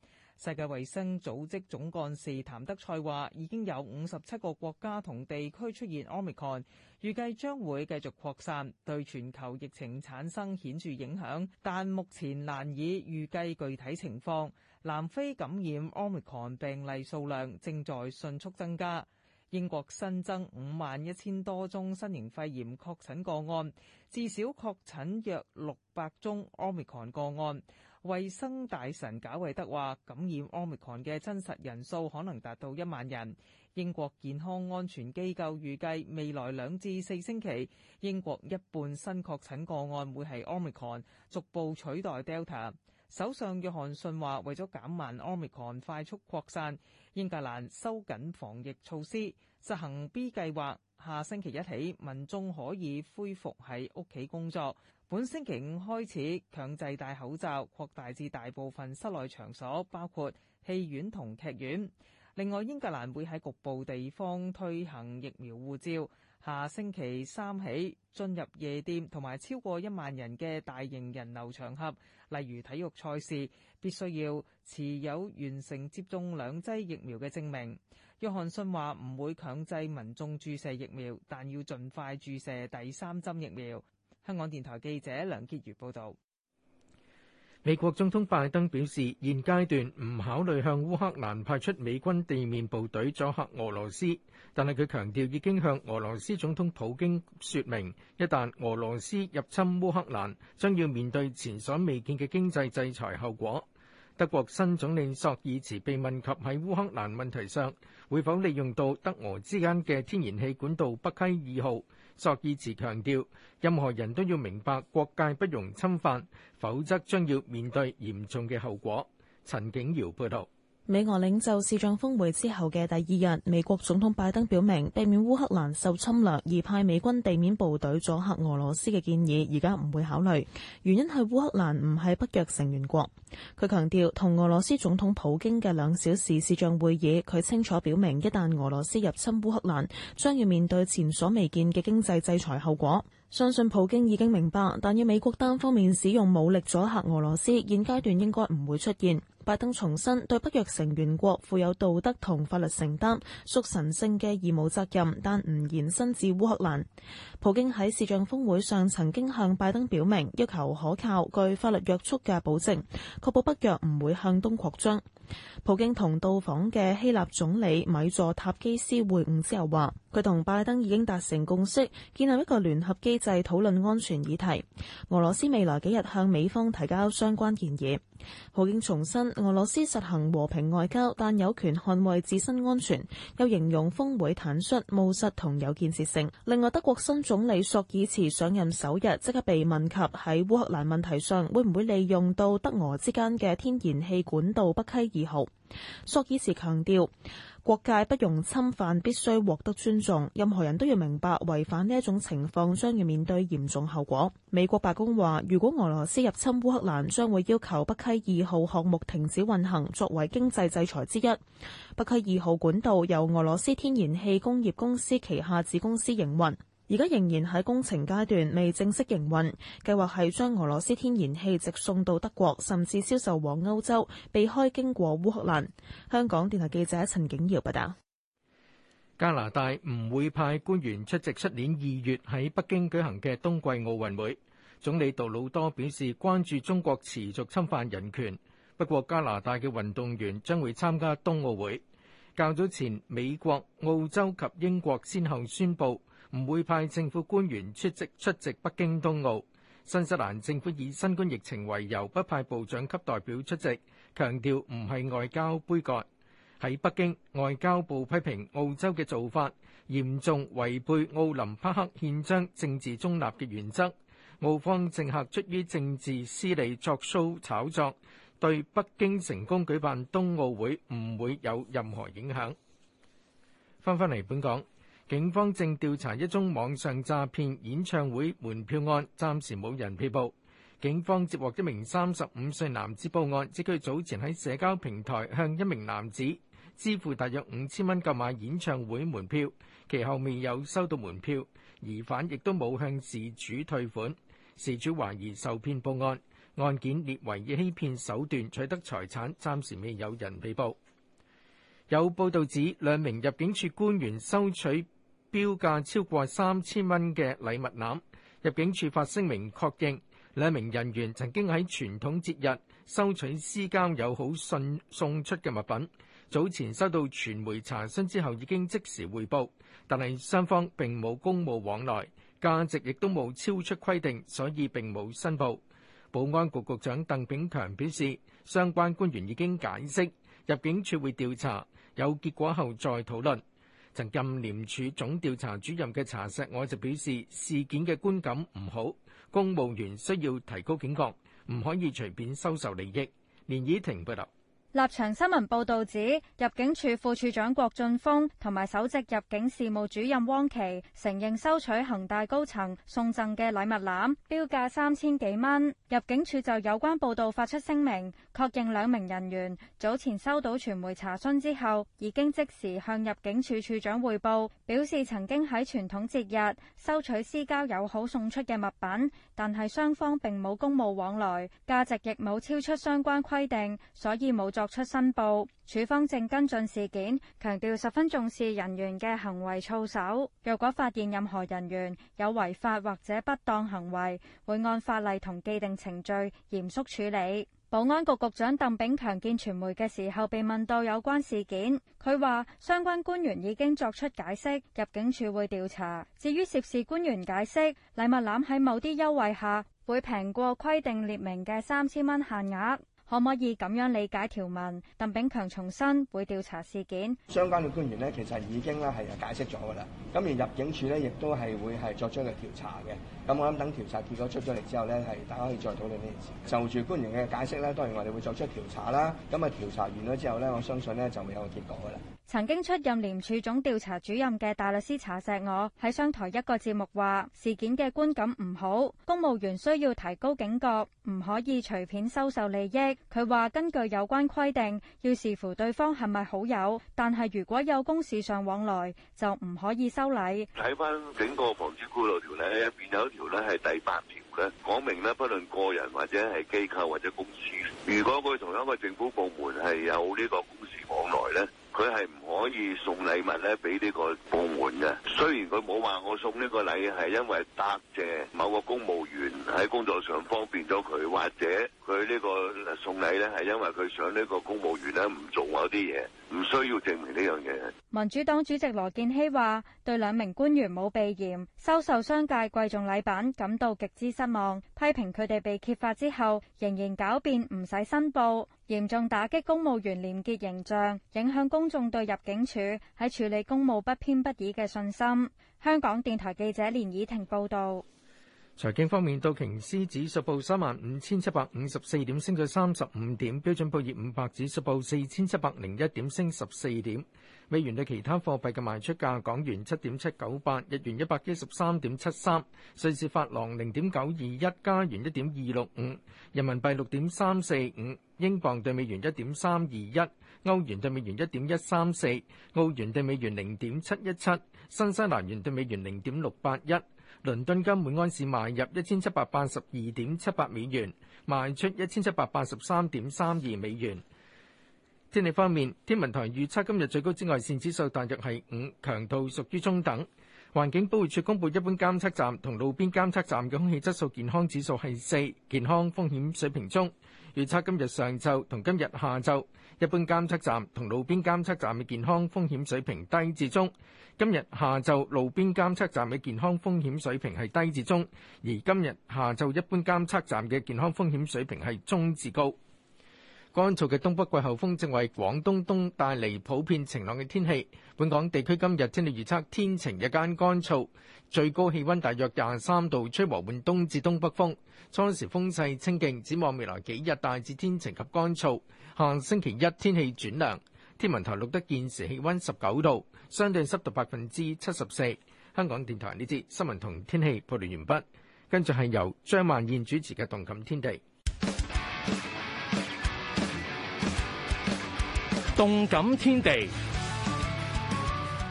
世界衛生組織總幹事譚德塞話：已經有五十七個國家同地區出現 Omicron，預計將會繼續擴散，對全球疫情產生顯著影響，但目前難以預計具體情況。南非感染 Omicron 病例數量正在迅速增加。英國新增五萬一千多宗新型肺炎確診個案，至少確診約六百宗 Omicron 個案。衛生大臣賈維德話，感染 Omicron 嘅真實人數可能達到一萬人。英國健康安全機構預計，未來兩至四星期，英國一半新確診個案會係 Omicron，逐步取代 Delta。首相約翰遜話，為咗減慢 Omicron 快速擴散，英格蘭收緊防疫措施，實行 B 計劃。下星期一起，民眾可以恢復喺屋企工作。本星期五開始強制戴口罩，擴大至大部分室內場所，包括戲院同劇院。另外，英格蘭會喺局部地方推行疫苗護照。下星期三起，進入夜店同埋超過一萬人嘅大型人流場合，例如體育賽事，必須要持有完成接種兩劑疫苗嘅證明。約翰遜話唔會強制民眾注射疫苗，但要盡快注射第三針疫苗。香港電台記者梁潔如報導。美國總統拜登表示，現階段唔考慮向烏克蘭派出美軍地面部隊阻嚇俄羅斯，但係佢強調已經向俄羅斯總統普京說明，一旦俄羅斯入侵烏克蘭，將要面對前所未見嘅經濟制裁後果。德國新總理朔爾茨被問及喺烏克蘭問題上會否利用到德俄之間嘅天然氣管道北溪二號。朔爾茨強調，任何人都要明白國界不容侵犯，否則將要面對嚴重嘅後果。陳景堯報道。美俄領袖視像峰會之後嘅第二日，美國總統拜登表明，避免烏克蘭受侵略而派美軍地面部隊阻嚇俄羅斯嘅建議，而家唔會考慮。原因係烏克蘭唔係北約成員國。佢強調，同俄羅斯總統普京嘅兩小時視像會議，佢清楚表明，一旦俄羅斯入侵烏克蘭，將要面對前所未見嘅經濟制裁後果。相信普京已經明白，但要美國單方面使用武力阻嚇俄羅斯，現階段應該唔會出現。拜登重申對北約成員國負有道德同法律承擔，屬神聖嘅義務責任，但唔延伸至烏克蘭。普京喺視像峰會上曾經向拜登表明，要求可靠、具法律約束嘅保證，確保北約唔會向東擴張。普京同到訪嘅希臘總理米佐塔基斯會晤之後話，佢同拜登已經達成共識，建立一個聯合機制討論安全議題。俄羅斯未來幾日向美方提交相關建議。普京重申，俄羅斯實行和平外交，但有權捍衛自身安全，又形容峰會坦率、務實同有建設性。另外，德國新。總理索爾茨上任首日，即刻被問及喺烏克蘭問題上會唔會利用到德俄之間嘅天然氣管道北溪二號。索爾茨強調，國界不容侵犯，必須獲得尊重。任何人都要明白，違反呢一種情況將要面對嚴重後果。美國白宮話，如果俄羅斯入侵烏克蘭，將會要求北溪二號項目停止運行，作為經濟制裁之一。北溪二號管道由俄羅斯天然氣工業公司旗下子公司營運。而家仍然喺工程階段，未正式營運。計劃係將俄羅斯天然氣直送到德國，甚至銷售往歐洲，避開經過烏克蘭。香港電台記者陳景瑤報道。加拿大唔會派官員出席出年二月喺北京舉行嘅冬季奧運會。總理杜魯多表示關注中國持續侵犯人權，不過加拿大嘅運動員將會參加冬奧會。較早前，美國、澳洲及英國先後宣布。唔會派政府官員出席出席北京冬奧。新西蘭政府以新冠疫情為由，不派部長級代表出席，強調唔係外交杯葛。喺北京，外交部批評澳洲嘅做法嚴重違背奧林匹克憲章政治中立嘅原則，澳方政客出於政治私利作秀炒作，對北京成功舉辦冬奧會唔會有任何影響。翻返嚟本港。警方正調查一宗網上詐騙演唱會門票案，暫時冇人被捕。警方接獲一名三十五歲男子報案，指佢早前喺社交平台向一名男子支付大約五千蚊購買演唱會門票，其後未有收到門票，疑犯亦都冇向事主退款。事主懷疑受騙報案，案件列為以欺騙手段取得財產，暫時未有人被捕。有報導指兩名入境處官員收取標價超過三千蚊嘅禮物籃，入境處發聲明確認兩名人員曾經喺傳統節日收取私交友好信送出嘅物品。早前收到傳媒查詢之後，已經即時匯報，但係雙方並冇公務往來，價值亦都冇超出規定，所以並冇申報。保安局局長鄧炳強表示，相關官員已經解釋，入境處會調查，有結果後再討論。曾任廉署總調查主任嘅查錫我就表示，事件嘅觀感唔好，公務員需要提高警覺，唔可以隨便收受利益。連綺婷報道。立場新聞報道指，入境處副處長郭俊峰同埋首席入境事務主任汪琪承認收取恒大高層送贈嘅禮物籃，標價三千幾蚊。入境處就有關報道發出聲明，確認兩名人員早前收到傳媒查詢之後，已經即時向入境處處長匯報，表示曾經喺傳統節日收取私交友好送出嘅物品，但係雙方並冇公務往來，價值亦冇超出相關規定，所以冇作出申報，處方正跟進事件，強調十分重視人員嘅行為操守。若果發現任何人員有違法或者不當行為，會按法例同既定程序嚴肅處理。保安局局長鄧炳強見傳媒嘅時候被問到有關事件，佢話相關官員已經作出解釋，入境處會調查。至於涉事官員解釋，禮物籃喺某啲優惠下會平過規定列明嘅三千蚊限額。可唔可以咁樣理解條文？鄧炳強重申會調查事件。相關嘅官員咧，其實已經咧係解釋咗㗎啦。咁而入境處咧，亦都係會係作出一個調查嘅。咁我諗等調查結果出咗嚟之後咧，係大家可以再討論呢件事。就住官員嘅解釋咧，當然我哋會作出調查啦。咁啊調查完咗之後咧，我相信咧就會有個結果㗎啦。曾經出任廉署總調查主任嘅大律師查錫我喺商台一個節目話事件嘅觀感唔好，公務員需要提高警覺，唔可以隨便收受利益。佢話根據有關規定，要視乎對方係咪好友，但係如果有公事上往來，就唔可以收禮。睇返整個防止賄賂條例 a 佢係唔可以送禮物咧，俾呢個部門嘅。雖然佢冇話我送呢個禮係因為答謝某個公務員喺工作上方便咗佢，或者佢呢個送禮咧係因為佢想呢個公務員咧唔做我啲嘢，唔需要證明呢樣嘢。民主黨主席羅健熙話：對兩名官員冇避嫌收受商界貴重禮品感到極之失望，批評佢哋被揭發之後仍然狡辯唔使申報。嚴重打擊公務員廉潔形象，影響公眾對入境處喺處理公務不偏不倚嘅信心。香港電台記者連以婷報導。財經方面，道瓊斯指數報三萬五千七百五十四點，升咗三十五點；標準普爾五百指數報四千七百零一點，升十四點。美元對其他貨幣嘅賣出價：港元七點七九八，日元一百一十三點七三，瑞士法郎零點九二一，加元一點二六五，人民幣六點三四五，英鎊對美元一點三二一。歐元兌美元一點一三四，澳元兌美元零點七一七，新西蘭元兌美元零點六八一。倫敦金每安士買入一千七百八十二點七八美元，賣出一千七百八十三點三二美元。天氣方面，天文台預測今日最高紫外線指數大約係五，強度屬於中等。環境保護署公布，一般監測站同路邊監測站嘅空氣質素健康指數係四，健康風險水平中。預測今日上晝同今日下晝，一般監測站同路邊監測站嘅健康風險水平低至中。今日下晝路邊監測站嘅健康風險水平係低至中，而今日下晝一般監測站嘅健康風險水平係中至高。乾燥嘅東北季候風正為廣東東帶嚟普遍晴朗嘅天氣，本港地區今日天氣預測天晴日間乾燥，最高氣溫大約廿三度，吹和緩東至東北風，初時風勢清勁，展望未來幾日大致天晴及乾燥。下星期一天氣轉涼，天文台錄得現時氣溫十九度，相對濕度百分之七十四。香港電台呢節新聞同天氣報道完畢，跟住係由張曼燕主持嘅《動感天地》。動感天地。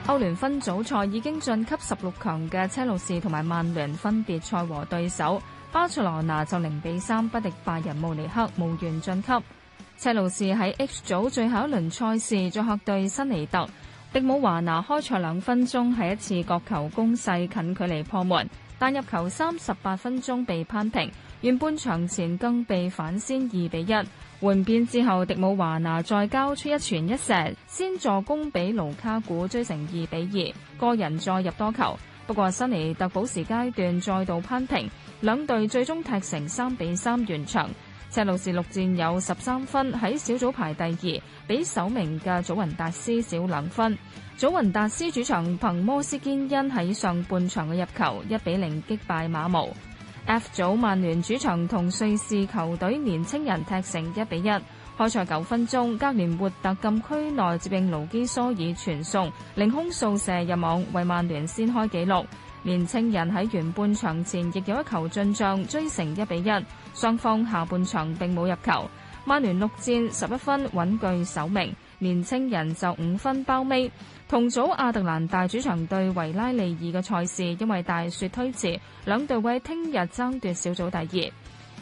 歐聯分組賽已經晉級十六強嘅車路士同埋曼聯分別賽和對手。巴塞羅那就零比三不敵拜仁慕尼黑，無緣晉級。車路士喺 H 組最後一輪賽事作客對辛尼特，迪姆華拿開賽兩分鐘係一次角球攻勢近距離破門，但入球三十八分鐘被扳平，原半場前更被反先二比一。換邊之後，迪姆華拿再交出一傳一射，先助攻俾盧卡古追成二比二，個人再入多球。不過新尼特補時階段再度扳平，兩隊最終踢成三比三完場。車路士六戰有十三分，喺小組排第二，比首名嘅祖雲達斯少兩分。祖雲達斯主場憑摩斯堅恩喺上半場嘅入球，一比零擊敗馬毛。F 組曼聯主場同瑞士球隊年青人踢成一比一。開賽九分鐘，格連活特禁區內接應盧基蘇爾傳送，凌空掃射入網，為曼聯先開紀錄。年青人喺完半場前亦有一球進賬，追成一比一。雙方下半場並冇入球，曼聯六戰十一分穩據首名，年青人就五分包尾。同組亞特蘭大主場對維拉利爾嘅賽事，因為大雪推遲，兩隊會聽日爭奪小組第二。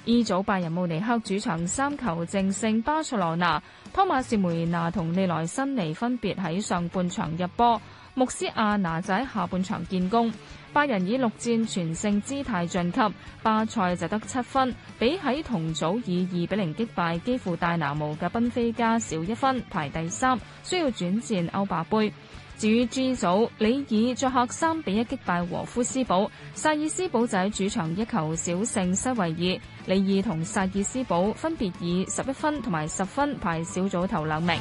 E 組拜仁慕尼克主場三球正勝巴塞羅那，托馬士梅拿同利萊辛尼分別喺上半場入波，穆斯阿拿仔下半場建功。拜仁以六戰全勝姿態晉級，巴塞就得七分，比起同組以二比零擊敗基輔戴拿模嘅賓菲加少一分，排第三，需要轉戰歐霸杯。至於 G 組，里爾作客三比一擊敗和夫斯堡，薩爾斯堡仔主場一球小勝西維爾，里爾同薩爾斯堡分別以十一分同埋十分排小組頭兩名。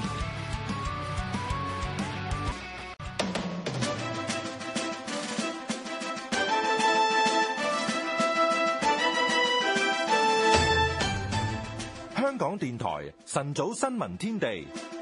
晨早新聞天地。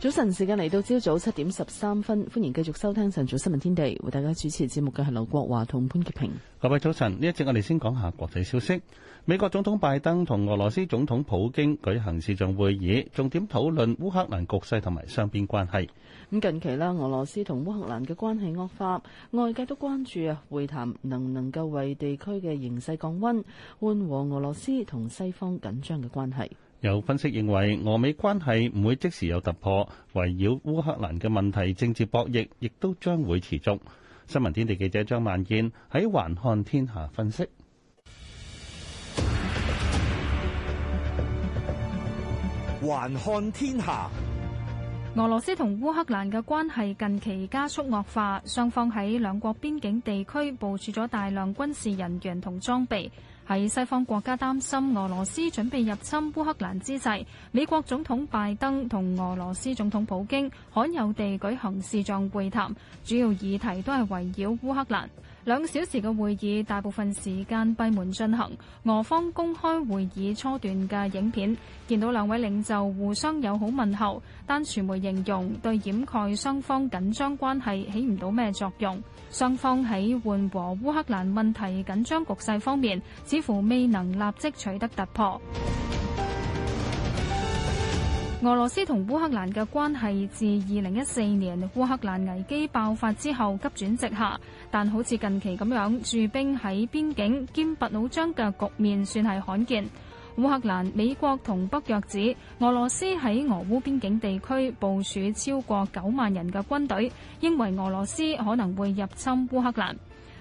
早晨，時間嚟到朝早七點十三分，歡迎繼續收聽晨早新聞天地，為大家主持節目嘅係劉國華同潘潔平。各位早晨，呢一節我哋先講下國際消息。美國總統拜登同俄羅斯總統普京舉行視像會議，重點討論烏克蘭局勢同埋雙邊關係。咁近期咧，俄羅斯同烏克蘭嘅關係惡化，外界都關注啊，會談能唔能夠為地區嘅形勢降溫，緩和俄羅斯同西方緊張嘅關係。有分析認為，俄美關係唔會即時有突破，圍繞烏克蘭嘅問題政治博弈亦都將會持續。新聞天地記者張曼堅喺橫看天下分析。橫看天下，俄羅斯同烏克蘭嘅關係近期加速惡化，雙方喺兩國邊境地區部署咗大量軍事人員同裝備。喺西方國家擔心俄羅斯準備入侵烏克蘭之際，美國總統拜登同俄羅斯總統普京罕有地舉行視像會談，主要議題都係圍繞烏克蘭。兩小時嘅會議大部分時間閉門進行，俄方公開會議初段嘅影片，見到兩位領袖互相友好問候，但傳媒形容對掩蓋雙方緊張關係起唔到咩作用。雙方喺緩和烏克蘭問題緊張局勢方面，似乎未能立即取得突破。俄羅斯同烏克蘭嘅關係自二零一四年烏克蘭危機爆發之後急轉直下，但好似近期咁樣駐兵喺邊境，劍拔弩張嘅局面算係罕見。烏克蘭、美國同北約指俄羅斯喺俄烏邊境地區部署超過九萬人嘅軍隊，認為俄羅斯可能會入侵烏克蘭。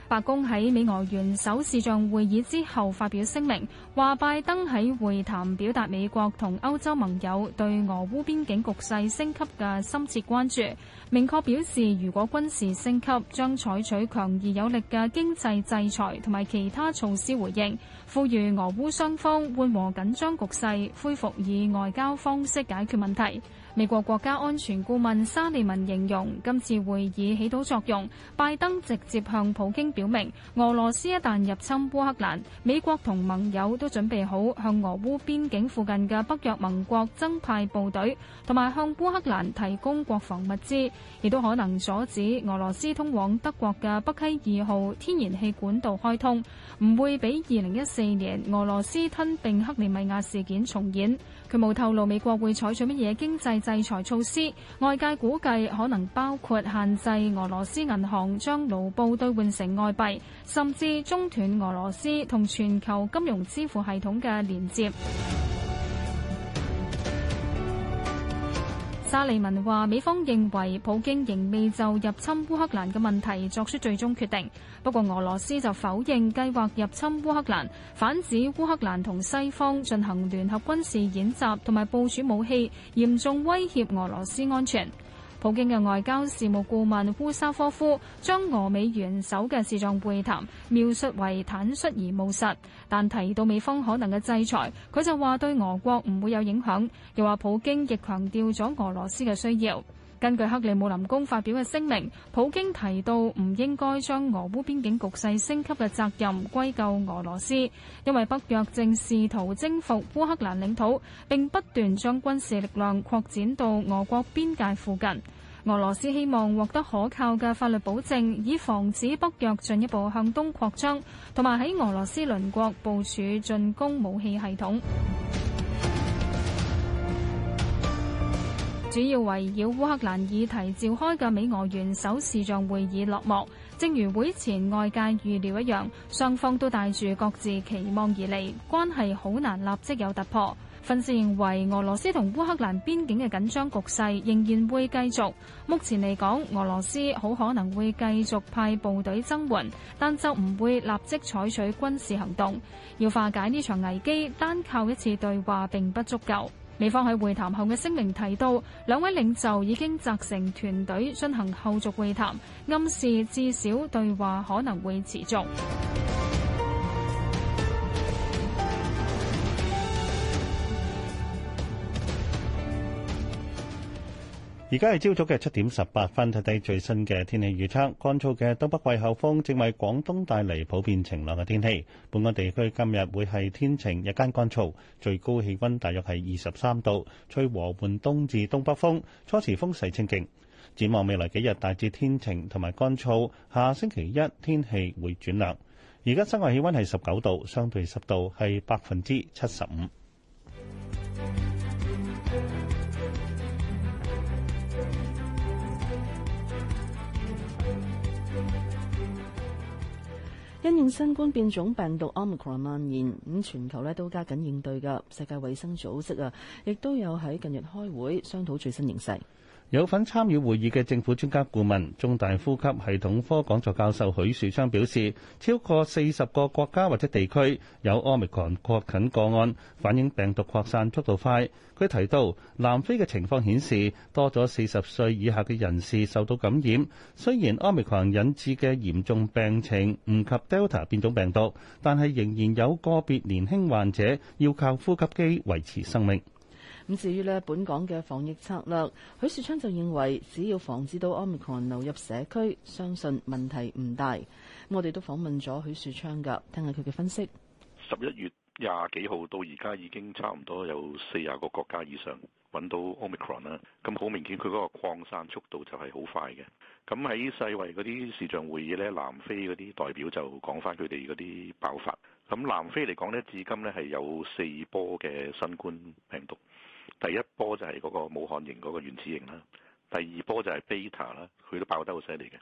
白宮喺美俄元首視像會議之後發表聲明，話拜登喺會談表達美國同歐洲盟友對俄烏邊境局勢升級嘅深切關注，明確表示如果軍事升級，將採取強而有力嘅經濟制裁同埋其他措施回應。呼籲俄烏雙方緩和緊張局勢，恢復以外交方式解決問題，美國國家安全顧問沙利文形容今次會議起到作用。拜登直接向普京表明，俄羅斯一旦入侵烏克蘭，美國同盟友都準備好向俄烏邊境附近嘅北約盟國增派部隊，同埋向烏克蘭提供國防物資，亦都可能阻止俄羅斯通往德國嘅北溪二號天然氣管道開通，唔會俾二零一。四年，俄羅斯吞併克里米亞事件重演，佢冇透露美國會採取乜嘢經濟制裁措施，外界估計可能包括限制俄羅斯銀行將盧布兌換成外幣，甚至中斷俄羅斯同全球金融支付系統嘅連接。沙利文話：美方認為普京仍未就入侵烏克蘭嘅問題作出最終決定。不過，俄羅斯就否認計劃入侵烏克蘭，反指烏克蘭同西方進行聯合軍事演習同埋部署武器，嚴重威脅俄羅斯安全。普京嘅外交事務顧問烏沙科夫將俄美元首嘅視像會談描述為坦率而務實，但提到美方可能嘅制裁，佢就話對俄國唔會有影響，又話普京亦強調咗俄羅斯嘅需要。根據克里姆林宮發表嘅聲明，普京提到唔應該將俄烏邊境局勢升級嘅責任歸咎俄羅斯，因為北約正試圖征服烏克蘭領土，並不斷將軍事力量擴展到俄國邊界附近。俄羅斯希望獲得可靠嘅法律保證，以防止北約進一步向東擴張，同埋喺俄羅斯鄰國部署進攻武器系統。主要圍繞烏克蘭議題召開嘅美俄元首視像會議落幕，正如會前外界預料一樣，雙方都帶住各自期望而嚟，關係好難立即有突破。分析認為，俄羅斯同烏克蘭邊境嘅緊張局勢仍然會繼續。目前嚟講，俄羅斯好可能會繼續派部隊增援，但就唔會立即採取軍事行動。要化解呢場危機，單靠一次對話並不足夠。美方喺會談後嘅聲明提到，兩位領袖已經責成團隊進行後續會談，暗示至少對話可能會持續。而家係朝早嘅七點十八分，睇睇最新嘅天氣預測。乾燥嘅東北季候風正為廣東帶嚟普遍晴朗嘅天氣。本港地區今日會係天晴，日間乾燥，最高氣溫大約係二十三度，吹和緩東至東北風，初時風勢清勁。展望未來幾日，大致天晴同埋乾燥。下星期一天氣，天氣會轉涼。而家室外氣溫係十九度，相對濕度係百分之七十五。因應新冠變種病毒 Omicron 蔓延，咁全球咧都加緊應對噶。世界衛生組織啊，亦都有喺近日開會商討最新形勢。有份參與會議嘅政府專家顧問、中大呼吸系統科講座教授許樹昌表示，超過四十個國家或者地區有奧密克戎確診個案，反映病毒擴散速度快。佢提到，南非嘅情況顯示多咗四十歲以下嘅人士受到感染。雖然奧密克戎引致嘅嚴重病情唔及 Delta 變種病毒，但係仍然有個別年輕患者要靠呼吸機維持生命。咁至於咧，本港嘅防疫策略，許樹昌就認為，只要防止到 Omicron 流入社區，相信問題唔大。我哋都訪問咗許樹昌㗎，聽下佢嘅分析。十一月廿幾號到而家已經差唔多有四十個國家以上揾到 Omicron 啦。咁好明顯，佢嗰個擴散速度就係好快嘅。咁喺世衞嗰啲視像會議呢，南非嗰啲代表就講返佢哋嗰啲爆發。咁南非嚟講呢，至今呢係有四波嘅新冠病毒。第一波就係嗰個武漢型嗰個原始型啦，第二波就係 Beta 啦，佢都爆得好犀利嘅。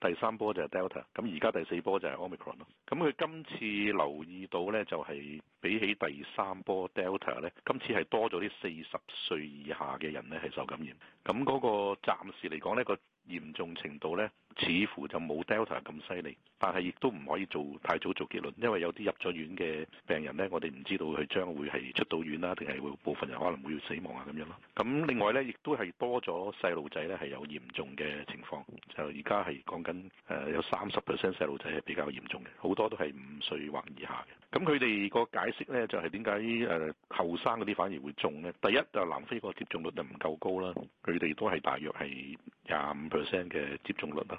第三波就係 Delta，咁而家第四波就係 Omicron 咯。咁佢今次留意到呢，就係比起第三波 Delta 呢，今次係多咗啲四十歲以下嘅人呢係受感染。咁嗰個暫時嚟講呢，個嚴重程度呢。似乎就冇 Delta 咁犀利，但係亦都唔可以做太早做結論，因為有啲入咗院嘅病人咧，我哋唔知道佢將會係出到院啦，定係會部分人可能會要死亡啊咁樣咯。咁另外咧，亦都係多咗細路仔咧，係有嚴重嘅情況，就而家係講緊誒有三十 percent 細路仔係比較嚴重嘅，好多都係五歲或以下嘅。咁佢哋個解釋咧，就係點解誒後生嗰啲反而會重咧？第一就南非個接種率就唔夠高啦，佢哋都係大約係廿五 percent 嘅接種率啦。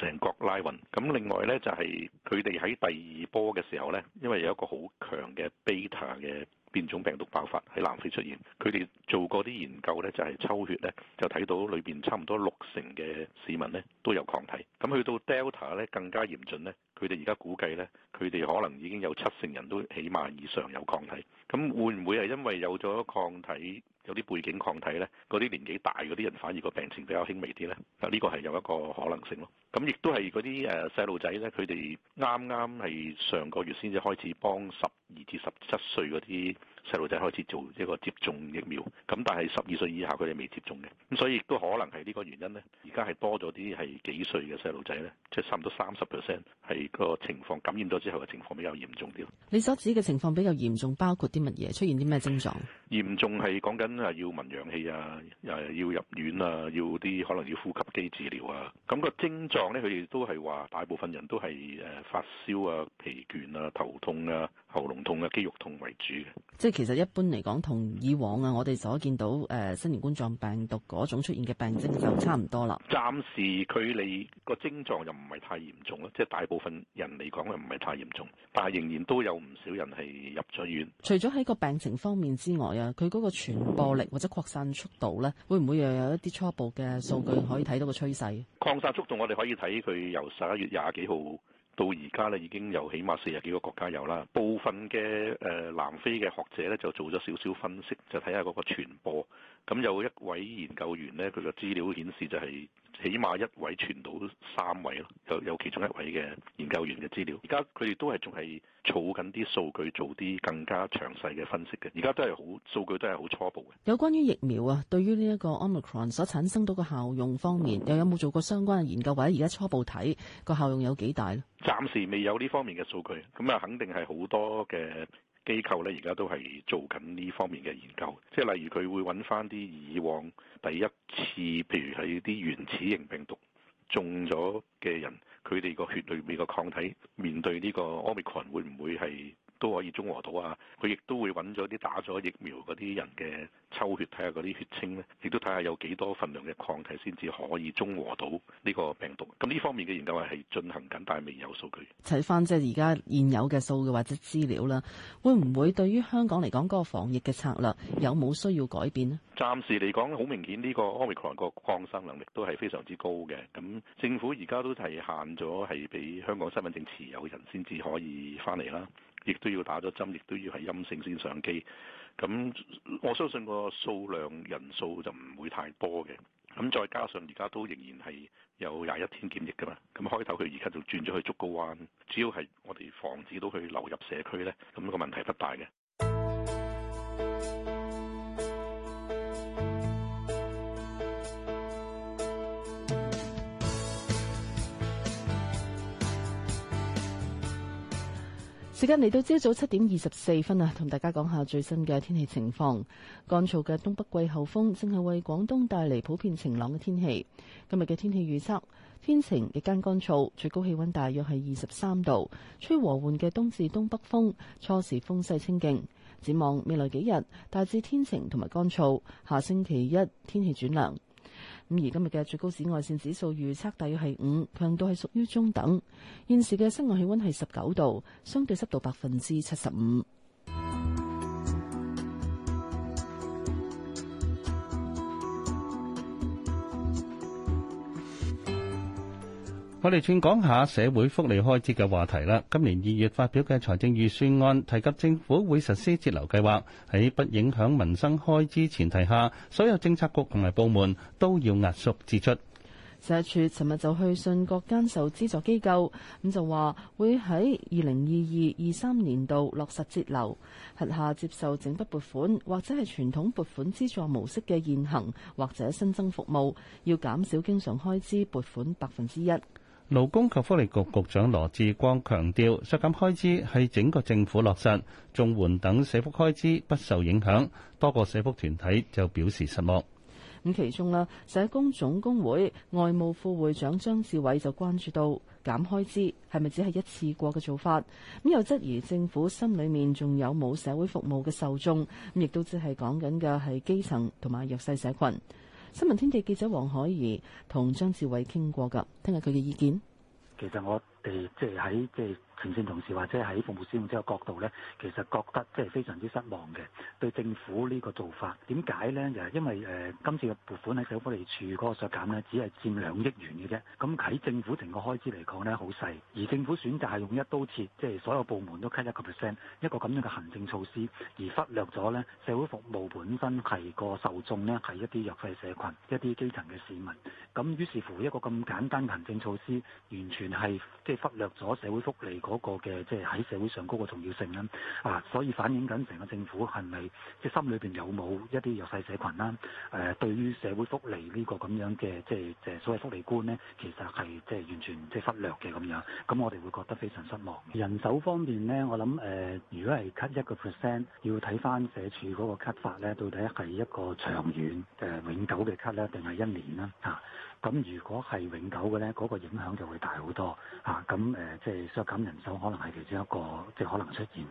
成國拉勻咁，另外咧就係佢哋喺第二波嘅時候咧，因為有一個好強嘅 beta 嘅變種病毒爆發喺南非出現，佢哋做過啲研究呢就係、是、抽血呢就睇到裏邊差唔多六成嘅市民呢都有抗體。咁去到 Delta 呢，更加嚴峻呢。佢哋而家估計呢，佢哋可能已經有七成人都起碼以上有抗體。咁會唔會係因為有咗抗體，有啲背景抗體呢？嗰啲年紀大嗰啲人反而個病情比較輕微啲呢？啊，呢個係有一個可能性咯。咁亦都係嗰啲誒細路仔呢，佢哋啱啱係上個月先至開始幫十至十七歲嗰啲細路仔開始做一個接種疫苗，咁但係十二歲以下佢哋未接種嘅，咁所以都可能係呢個原因咧。而家係多咗啲係幾歲嘅細路仔咧，即係差唔多三十 percent 係個情況感染咗之後嘅情況比較嚴重啲。你所指嘅情況比較嚴重，包括啲乜嘢？出現啲咩症狀？嚴重係講緊係要聞氧氣啊，又要入院啊，要啲可能要呼吸機治療啊。咁、那個症狀咧，佢哋都係話大部分人都係誒發燒啊、疲倦啊、頭痛啊、喉嚨痛啊、肌肉痛為主嘅。即係其實一般嚟講，同以往啊，我哋所見到誒、呃、新型冠狀病毒嗰種出現嘅病症就差唔多啦。暫時佢哋、那個症狀又唔係太嚴重咯，即係大部分人嚟講又唔係太嚴重，但係仍然都有唔少人係入咗院。除咗喺個病情方面之外，佢嗰個傳播力或者擴散速度呢，會唔會又有一啲初步嘅數據可以睇到個趨勢？擴散速度我哋可以睇佢由十一月廿幾號到而家呢，已經有起碼四十幾個國家有啦。部分嘅誒、呃、南非嘅學者呢，就做咗少少分析，就睇下嗰個傳播。咁有一位研究員咧，佢個資料顯示就係起碼一位傳到三位咯，有有其中一位嘅研究員嘅資料。而家佢哋都係仲係儲緊啲數據，做啲更加詳細嘅分析嘅。而家都係好數據，都係好初步嘅。有關於疫苗啊，對於呢一個 Omicron 所產生到個效用方面，又有冇做過相關嘅研究，或者而家初步睇個效用有幾大咧？暫時未有呢方面嘅數據，咁啊，肯定係好多嘅。機構咧，而家都係做緊呢方面嘅研究，即係例如佢會揾翻啲以往第一次，譬如係啲原始型病毒中咗嘅人，佢哋個血裏面嘅抗體面對呢個 omicron 會唔會係？都可以中和到啊！佢亦都會揾咗啲打咗疫苗嗰啲人嘅抽血，睇下嗰啲血清咧，亦都睇下有幾多份量嘅抗體先至可以中和到呢個病毒。咁呢方面嘅研究係進行緊，但係未有數據。睇翻即係而家現有嘅數據或者資料啦，會唔會對於香港嚟講嗰個防疫嘅策略有冇需要改變咧？暫時嚟講，好明顯呢個 Omicron 個抗生能力都係非常之高嘅。咁政府而家都係限咗係俾香港身份證持有人先至可以翻嚟啦。亦都要打咗針，亦都要係陰性先上機。咁我相信個數量人數就唔會太多嘅。咁再加上而家都仍然係有廿一天檢疫㗎嘛。咁開頭佢而家就轉咗去竹篙灣，只要係我哋防止到佢流入社區呢，咁呢個問題不大嘅。時間嚟到朝早七點二十四分啊，同大家講下最新嘅天氣情況。乾燥嘅東北季候風正係為廣東帶嚟普遍晴朗嘅天氣。今日嘅天氣預測天晴，日間乾燥，最高氣温大約係二十三度。吹和緩嘅東至東北風，初時風勢清勁。展望未來幾日，大致天晴同埋乾燥。下星期一天氣轉涼。咁而今日嘅最高紫外線指數預測大約係五，強度係屬於中等。現時嘅室外氣温係十九度，相對濕度百分之七十五。我哋轉講下社會福利開支嘅話題啦。今年二月發表嘅財政預算案提及，政府會實施節流計劃，喺不影響民生開支前提下，所有政策局同埋部門都要壓縮支出。社署尋日就去信各間受資助機構，咁就話會喺二零二二二三年度落實節流，轄下接受整筆撥款或者係傳統撥款資助模式嘅現行或者新增服務，要減少經常開支撥款百分之一。勞工及福利局局長羅志光強調削減開支係整個政府落實，綜援等社福開支不受影響。多個社福團體就表示失望。咁其中啦，社工總工會外務副會長張志偉就關注到減開支係咪只係一次過嘅做法？咁又質疑政府心裏面仲有冇社會服務嘅受眾？咁亦都只係講緊嘅係基層同埋弱勢社群。新聞天地記者黃海怡同張志偉傾過㗎，聽下佢嘅意見。其實我哋即係喺即係，就是前線同事或者喺服務使用者嘅角度呢，其實覺得即係非常之失望嘅，對政府呢個做法點解呢？就係因為誒、呃、今次嘅撥款喺社會福利處嗰個削減呢，只係佔兩億元嘅啫。咁喺政府成個開支嚟講呢，好細。而政府選擇係用一刀切，即係所有部門都 cut 一個 percent，一個咁樣嘅行政措施，而忽略咗呢社會服務本身係個受眾呢，係一啲弱勢社群、一啲基層嘅市民。咁於是乎一個咁簡單行政措施，完全係即係忽略咗社會福利。嗰個嘅即係喺社會上高嘅重要性咧，啊，所以反映緊成個政府係咪即係心裏邊有冇一啲弱勢社群啦。誒、啊，對於社會福利呢個咁樣嘅即係誒所謂福利觀咧，其實係即係完全即係忽略嘅咁樣，咁我哋會覺得非常失望。人手方面咧，我諗誒、呃，如果係 cut 一個 percent，要睇翻社署嗰個 cut 法咧，到底係一個長遠誒、呃、永久嘅 cut 咧，定係一年啦嚇。啊。咁如果係永久嘅呢，嗰、那個影響就會大好多嚇。咁、啊、誒、呃，即係削減人手，可能係其中一個，即係可能出現。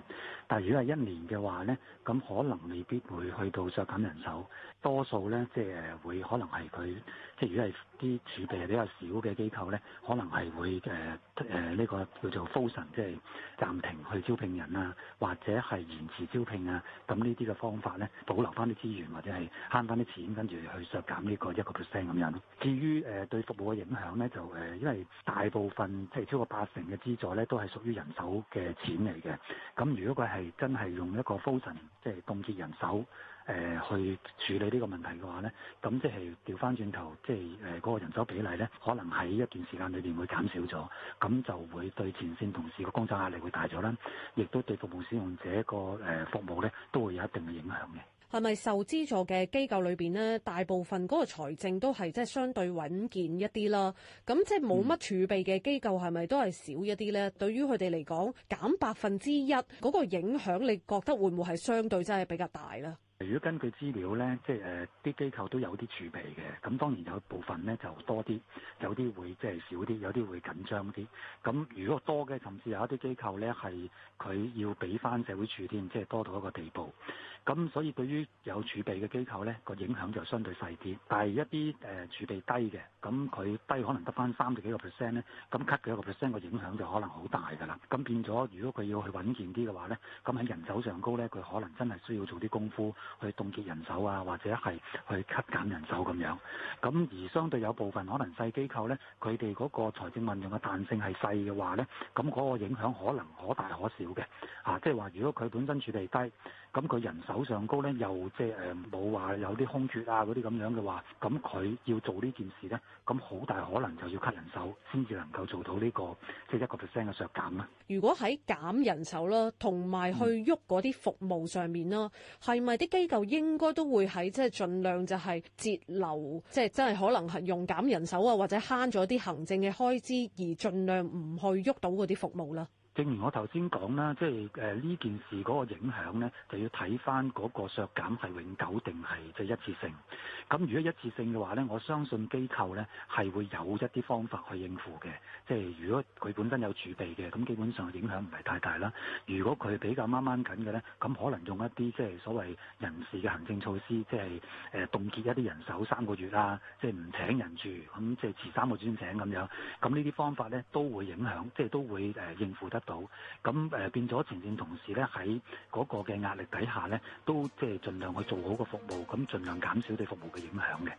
但係如果係一年嘅話呢，咁可能未必會去到削減人手。多數呢，即係誒會可能係佢，即係如果係啲儲備係比較少嘅機構呢，可能係會誒誒呢個叫做 frozen，即係暫停去招聘人啊，或者係延遲招聘啊。咁呢啲嘅方法呢，保留翻啲資源或者係慳翻啲錢，跟住去削減呢個一個 percent 咁樣。至於誒對服務嘅影響咧，就誒，因為大部分即係超過八成嘅資助咧，都係屬於人手嘅錢嚟嘅。咁如果佢係真係用一個 Frozen，即係凍結人手，誒、呃、去處理呢個問題嘅話咧，咁即係調翻轉頭，即係誒嗰個人手比例咧，可能喺一段時間裏邊會減少咗，咁就會對前線同事嘅工作壓力會大咗啦，亦都對服務使用者個誒服務咧，都會有一定嘅影響嘅。係咪受資助嘅機構裏邊呢，大部分嗰個財政都係即係相對穩健一啲啦。咁即係冇乜儲備嘅機構係咪都係少一啲呢？嗯、對於佢哋嚟講，減百分之一嗰個影響，你覺得會唔會係相對真係比較大呢？如果根據資料呢，即係啲機構都有啲儲備嘅，咁當然有部分呢，就多啲，有啲會即係少啲，有啲會緊張啲。咁如果多嘅，甚至有一啲機構呢，係佢要俾翻社會儲添，即係多到一個地步。咁所以對於有儲備嘅機構呢個影響就相對細啲。但係一啲誒、呃、儲備低嘅，咁佢低可能得返三十幾個 percent 咧，咁 cut 嘅一個 percent 個影響就可能好大㗎啦。咁變咗，如果佢要去穩健啲嘅話呢，咁喺人手上高呢，佢可能真係需要做啲功夫去凍結人手啊，或者係去 cut 減人手咁樣。咁而相對有部分可能細機構呢，佢哋嗰個財政運用嘅彈性係細嘅話呢，咁嗰個影響可能可大可小嘅。啊，即係話如果佢本身儲備低。咁佢人手上高咧，又即係誒冇話有啲空缺啊嗰啲咁樣嘅話，咁佢要做呢件事咧，咁好大可能就要 cut 人手，先至能夠做到呢個，即係一個 percent 嘅削減啦。如果喺減人手啦，同埋去喐嗰啲服務上面啦，係咪啲機構應該都會喺即係盡量就係節流，即係真係可能係用減人手啊，或者慳咗啲行政嘅開支，而盡量唔去喐到嗰啲服務啦？正如我頭先講啦，即係誒呢件事嗰個影響呢，就要睇返嗰個削減係永久定係即係一次性。咁如果一次性嘅話呢，我相信機構呢係會有一啲方法去應付嘅。即係如果佢本身有儲備嘅，咁基本上影響唔係太大啦。如果佢比較掹掹緊嘅呢，咁可能用一啲即係所謂人事嘅行政措施，即係誒、呃、凍結一啲人手三個月啊，即係唔請人住，咁即係遲三個月先請咁樣。咁呢啲方法呢都會影響，即係都會誒、呃、應付得。到咁誒變咗，前線同事咧，喺嗰個嘅壓力底下咧，都即係盡量去做好個服務，咁盡量減少對服務嘅影響嘅。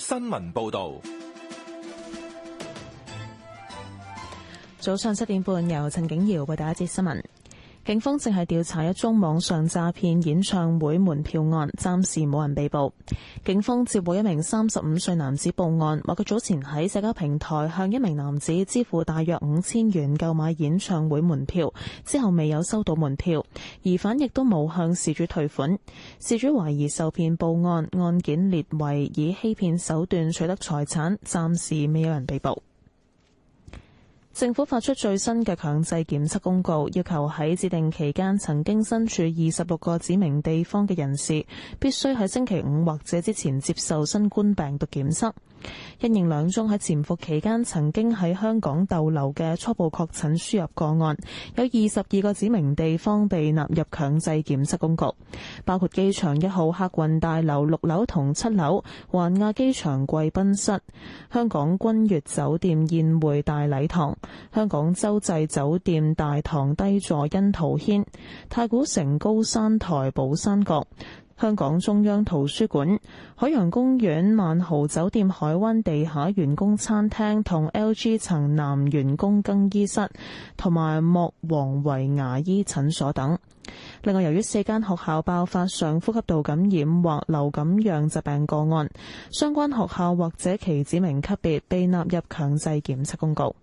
新聞報道。早上七點半，由陳景瑤為大家接新聞。警方正係調查一宗網上詐騙演唱會門票案，暫時冇人被捕。警方接報一名三十五歲男子報案，話佢早前喺社交平台向一名男子支付大約五千元購買演唱會門票，之後未有收到門票，疑犯亦都冇向事主退款。事主懷疑受騙報案，案件列為以欺騙手段取得財產，暫時未有人被捕。政府發出最新嘅強制檢測公告，要求喺指定期間曾經身處二十六個指明地方嘅人士，必須喺星期五或者之前接受新冠病毒檢測。因應兩宗喺潛伏期間曾經喺香港逗留嘅初步確診輸入個案，有二十二個指明地方被納入強制檢測公告，包括機場一號客運大樓六樓同七樓、環亞機場貴賓室、香港君悅酒店宴會大禮堂、香港洲際酒店大堂低座欣圖軒、太古城高山台寶山閣。香港中央圖書館、海洋公園、萬豪酒店、海灣地下員工餐廳同 LG 層男員工更衣室，同埋莫王維牙醫診所等。另外，由於四間學校爆發上呼吸道感染或流感樣疾病個案，相關學校或者其指明級別被納入強制檢測公告。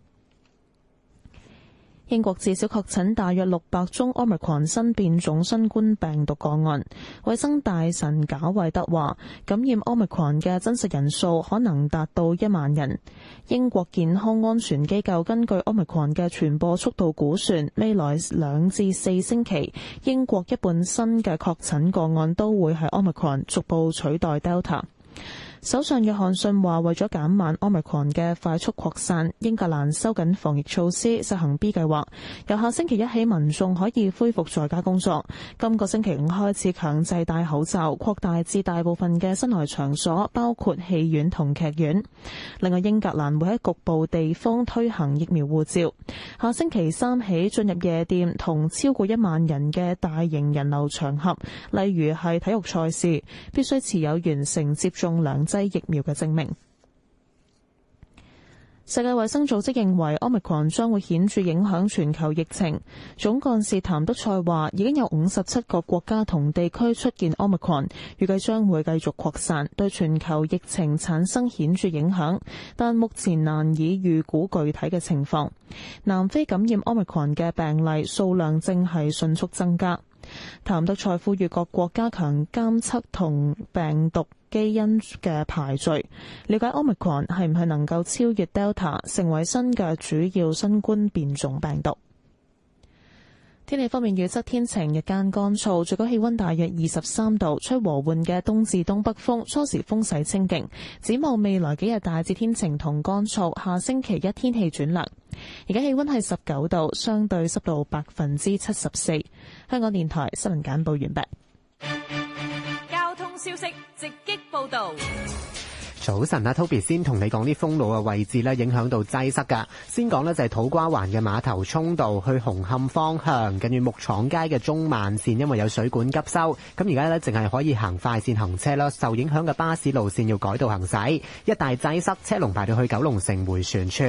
英國至少確診大約六百宗 Omicron 新變種新冠病毒個案。衛生大臣賈維德話，感染 Omicron 嘅真實人數可能達到一萬人。英國健康安全機構根據 Omicron 嘅傳播速度估算，未來兩至四星期，英國一半新嘅確診個案都會係 Omicron 逐步取代 Delta。首相約翰遜話，為咗減慢 Omicron 嘅快速擴散，英格蘭收緊防疫措施，實行 B 計劃。由下星期一起，民眾可以恢復在家工作。今個星期五開始強制戴口罩，擴大至大部分嘅室內場所，包括戲院同劇院。另外，英格蘭會喺局部地方推行疫苗護照。下星期三起，進入夜店同超過一萬人嘅大型人流場合，例如係體育賽事，必須持有完成接種兩劑。疫苗嘅證明。世界衛生組織認為，Omicron 將會顯著影響全球疫情。總幹事譚德塞話：已經有五十七個國家同地區出現 Omicron，預計將會繼續擴散，對全球疫情產生顯著影響，但目前難以預估具體嘅情況。南非感染 Omicron 嘅病例數量正係迅速增加。譚德賽呼籲各國加強監測同病毒基因嘅排序，了解 Omicron 係唔係能夠超越 Delta，成為新嘅主要新冠變種病毒。天氣方面，預測天晴，日間乾燥，最高氣溫大約二十三度，吹和緩嘅東至東北風，初時風勢清勁。展望未來幾日大致天晴同乾燥，下星期一天氣轉涼。而家氣溫係十九度，相對濕度百分之七十四。香港電台新聞簡報完畢。交通消息直擊報道。早晨啊，Toby 先同你講啲封路嘅位置咧，影響到擠塞噶。先講咧就係土瓜灣嘅馬頭涌道去紅磡方向，跟住木廠街嘅中慢綫，因為有水管急修，咁而家咧淨係可以行快綫行車咯。受影響嘅巴士路綫要改道行駛，一大擠塞，車龍排到去九龍城回旋處。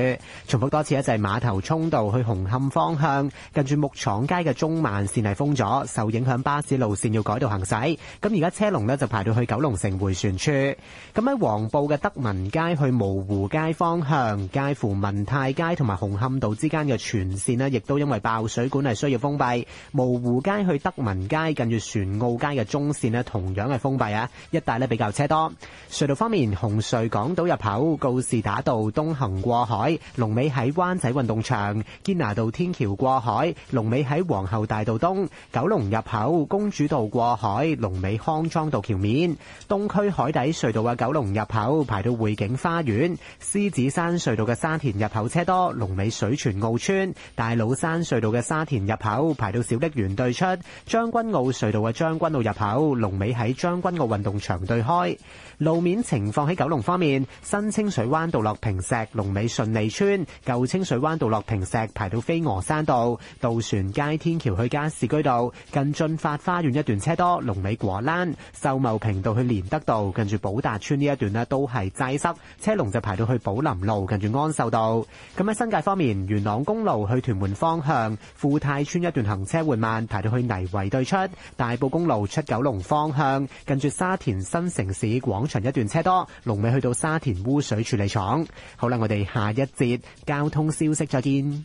重複多次咧，就係馬頭涌道去紅磡方向，跟住木廠街嘅中慢綫係封咗，受影響巴士路綫要改道行駛。咁而家車龍咧就排到去九龍城回旋處。咁喺黃埔，嘅德民街去蕪湖街方向，介乎民泰街同埋紅磡道之間嘅全線咧，亦都因為爆水管係需要封閉。蕪湖街去德民街近住船澳街嘅中線咧，同樣係封閉啊！一帶咧比較車多。隧道方面，紅隧港島入口告士打道東行過海，龍尾喺灣仔運動場；堅拿道天橋過海，龍尾喺皇后大道東；九龍入口公主道過海，龍尾康莊道橋面；東區海底隧道嘅九龍入口。都排到匯景花園、獅子山隧道嘅沙田入口車多，龍尾水泉澳村；大老山隧道嘅沙田入口排到小瀝源對出，將軍澳隧道嘅將軍澳入口龍尾喺將軍澳運動場對開。路面情況喺九龍方面，新清水灣道落坪石，龍尾順利村；舊清水灣道落坪石，排到飛鵝山道；渡船街天橋去加士居道，近駿發花園一段車多，龍尾果欄；秀茂坪道去連德道，近住寶達邨呢一段呢都係擠塞，車龍就排到去寶林路，近住安秀道。咁喺新界方面，元朗公路去屯門方向，富泰村一段行車緩慢，排到去泥圍對出；大埔公路出九龍方向，近住沙田新城市廣長一段車多，龍尾去到沙田污水處理廠。好啦，我哋下一節交通消息再見。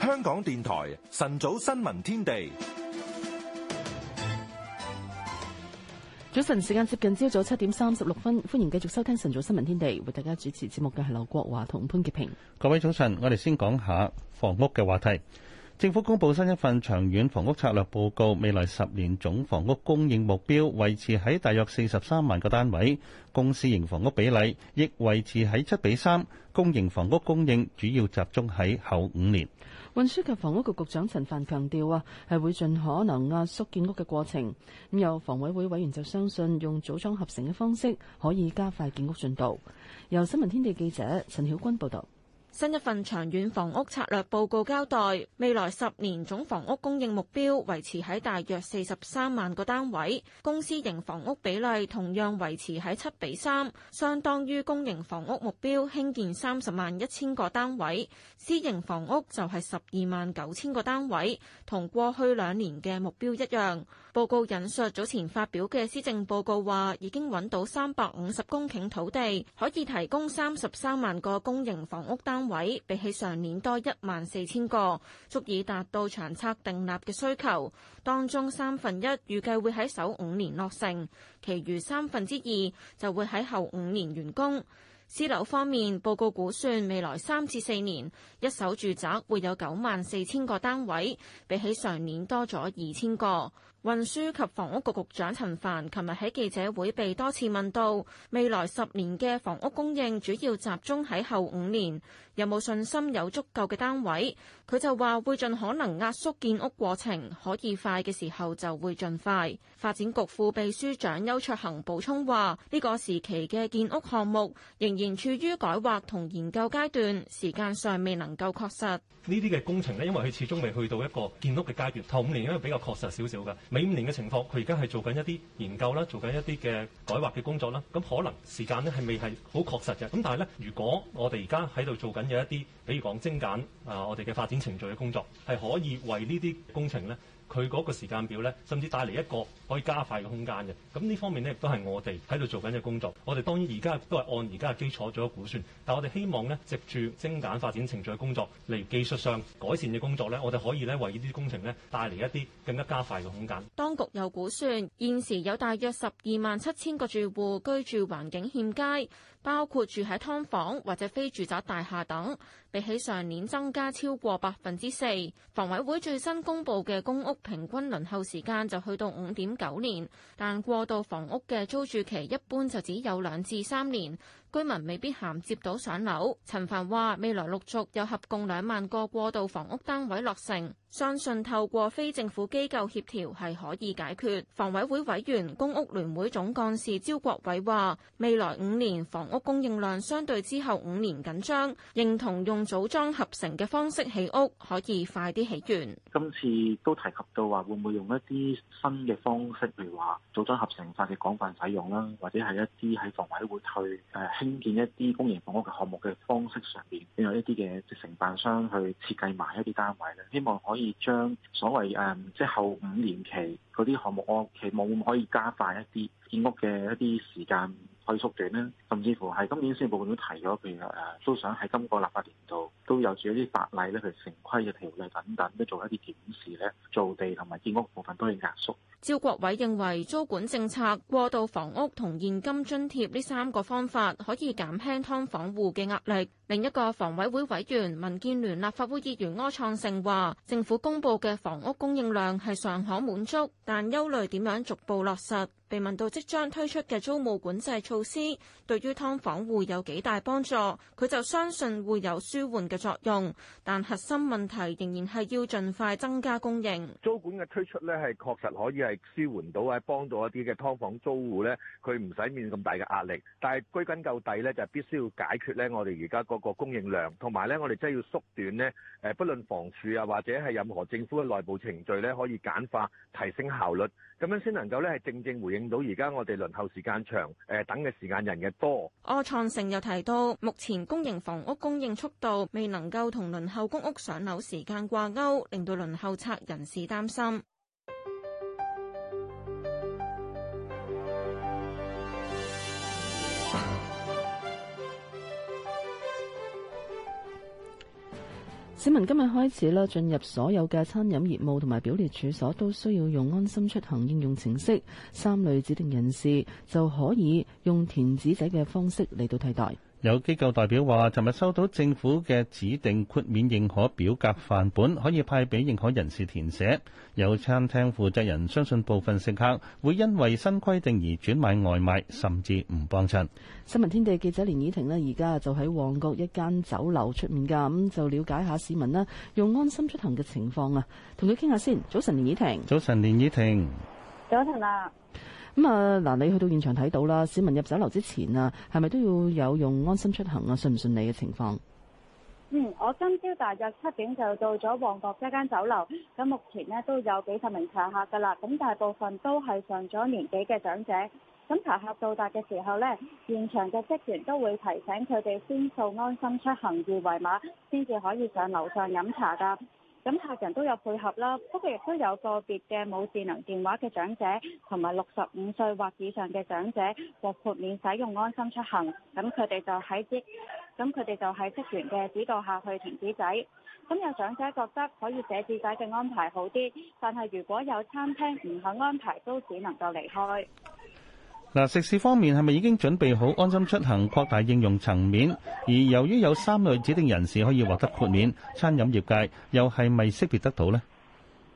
香港電台晨早新聞天地。早晨，時間接近朝早七點三十六分，歡迎繼續收聽晨早新聞天地。為大家主持節目嘅係劉國華同潘潔平。各位早晨，我哋先講下房屋嘅話題。政府公布新一份長遠房屋策略報告，未來十年總房屋供應目標維持喺大約四十三萬個單位，公私型房屋比例亦維持喺七比三，公營房屋供應主要集中喺後五年。運輸及房屋局局長陳帆強調啊，係會盡可能壓縮建屋嘅過程。咁有房委會委員就相信用組裝合成嘅方式，可以加快建屋進度。由新聞天地記者陳曉君報道。新一份長遠房屋策略報告交代，未來十年總房屋供應目標維持喺大約四十三萬個單位，公私營房屋比例同樣維持喺七比三，相當於公營房屋目標興建三十萬一千個單位，私營房屋就係十二萬九千個單位，同過去兩年嘅目標一樣。報告引述早前發表嘅施政報告話，已經揾到三百五十公頃土地，可以提供三十三萬個公營房屋單位，比起上年多一萬四千個，足以達到長策訂立嘅需求。當中三分一預計會喺首五年落成，其餘三分之二就會喺後五年完工。私樓方面，報告估算未來三至四年，一手住宅會有九萬四千個單位，比起上年多咗二千個。運輸及房屋局局長陳帆琴日喺記者會被多次問到，未來十年嘅房屋供應主要集中喺後五年，有冇信心有足夠嘅單位？佢就話會盡可能壓縮建屋過程，可以快嘅時候就會盡快。發展局副秘書長邱卓恒補充話：呢個時期嘅建屋項目仍然處於改劃同研究階段，時間尚未能夠確實。呢啲嘅工程呢，因為佢始終未去到一個建屋嘅階段。頭五年因為比較確實少少嘅，尾五年嘅情況，佢而家係做緊一啲研究啦，做緊一啲嘅改劃嘅工作啦。咁可能時間呢，係未係好確實嘅。咁但係咧，如果我哋而家喺度做緊有一啲。比如講精簡啊、呃，我哋嘅發展程序嘅工作係可以為呢啲工程呢，佢嗰個時間表呢，甚至帶嚟一個可以加快嘅空間嘅。咁呢方面呢，亦都係我哋喺度做緊嘅工作。我哋當然而家都係按而家嘅基礎做咗估算，但我哋希望呢，藉住精簡發展程序嘅工作，例如技術上改善嘅工作呢，我哋可以呢，為呢啲工程呢帶嚟一啲更加加快嘅空間。當局有估算，現時有大約十二萬七千個住戶居住環境欠佳，包括住喺劏房或者非住宅大廈等。比起上年增加超過百分之四，房委會最新公布嘅公屋平均輪候時間就去到五點九年，但過渡房屋嘅租住期一般就只有兩至三年。居民未必銜接到上樓。陳凡話：未來陸續有合共兩萬個過渡房屋單位落成，相信透過非政府機構協調係可以解決。房委會委員公屋聯會總幹事招國偉話：未來五年房屋供應量相對之後五年緊張，認同用組裝合成嘅方式起屋可以快啲起完。今次都提及到話會唔會用一啲新嘅方式，例如話組裝合成法嘅廣泛使用啦，或者係一啲喺房委會推興建一啲公營房屋嘅項目嘅方式上面，有一啲嘅即承辦商去設計埋一啲單位咧，希望可以將所謂誒、嗯、即係後五年期嗰啲項目，我期望可以加快一啲建屋嘅一啲時間。退縮地呢，甚至乎係今年先，部門都提咗，譬如誒、啊，都想喺今個立法年度都有住一啲法例咧，譬如成規嘅條例等等，都做一啲檢視咧，造地同埋建屋部分都要壓縮。招國偉認為，租管政策、過渡房屋同現金津貼呢三個方法，可以減輕劏房戶嘅壓力。另一個房委會委員，民建聯立法會議員柯創成話，政府公布的房屋供應量是尚可滿足，但憂慮點樣逐步落實？被問到即將推出的租務管制措施，對於劏房戶有幾大幫助，他就相信會有舒緩的作用，但核心問題仍然是要盡快增加供應。個供應量，同埋咧，我哋真係要縮短呢，誒，不論房署啊，或者係任何政府嘅內部程序咧，可以簡化，提升效率，咁樣先能夠咧係正正回應到而家我哋輪候時間長，誒等嘅時間人嘅多。柯創成又提到，目前公營房屋供應速度未能夠同輪候公屋上樓時間掛鈎，令到輪候冊人士擔心。市民今日開始啦，進入所有嘅餐飲業務同埋表列處所，都需要用安心出行應用程式。三類指定人士就可以用填紙仔嘅方式嚟到替代。有機構代表話，尋日收到政府嘅指定豁免認可表格範本，可以派俾認可人士填寫。有餐廳負責人相信部分食客會因為新規定而轉買外賣，甚至唔幫襯。新聞天地記者連倚婷呢，而家就喺旺角一間酒樓出面㗎，咁就了解下市民呢，用安心出行嘅情況啊。同佢傾下先。早晨，連倚婷。早晨，連倚婷。早晨啊！咁啊，嗱，你去到現場睇到啦，市民入酒樓之前啊，係咪都要有用安心出行啊，順唔順利嘅情況？嗯，我今朝大約七點就到咗旺角一間酒樓，咁目前呢，都有幾十名茶客噶啦，咁大部分都係上咗年紀嘅長者。咁茶客到達嘅時候呢，現場嘅職員都會提醒佢哋先掃安心出行二維碼，先至可以上樓上飲茶噶。咁客人都有配合啦，不過亦都有個別嘅冇智能電話嘅長者，同埋六十五歲或以上嘅長者，或豁免使用安心出行，咁佢哋就喺職，咁佢哋就喺職員嘅指導下去停止仔。咁有長者覺得可以寫字仔嘅安排好啲，但係如果有餐廳唔肯安排，都只能夠離開。嗱，食肆方面係咪已經準備好安心出行擴大應用層面？而由於有三類指定人士可以獲得豁免，餐飲業界又係咪識別得到呢？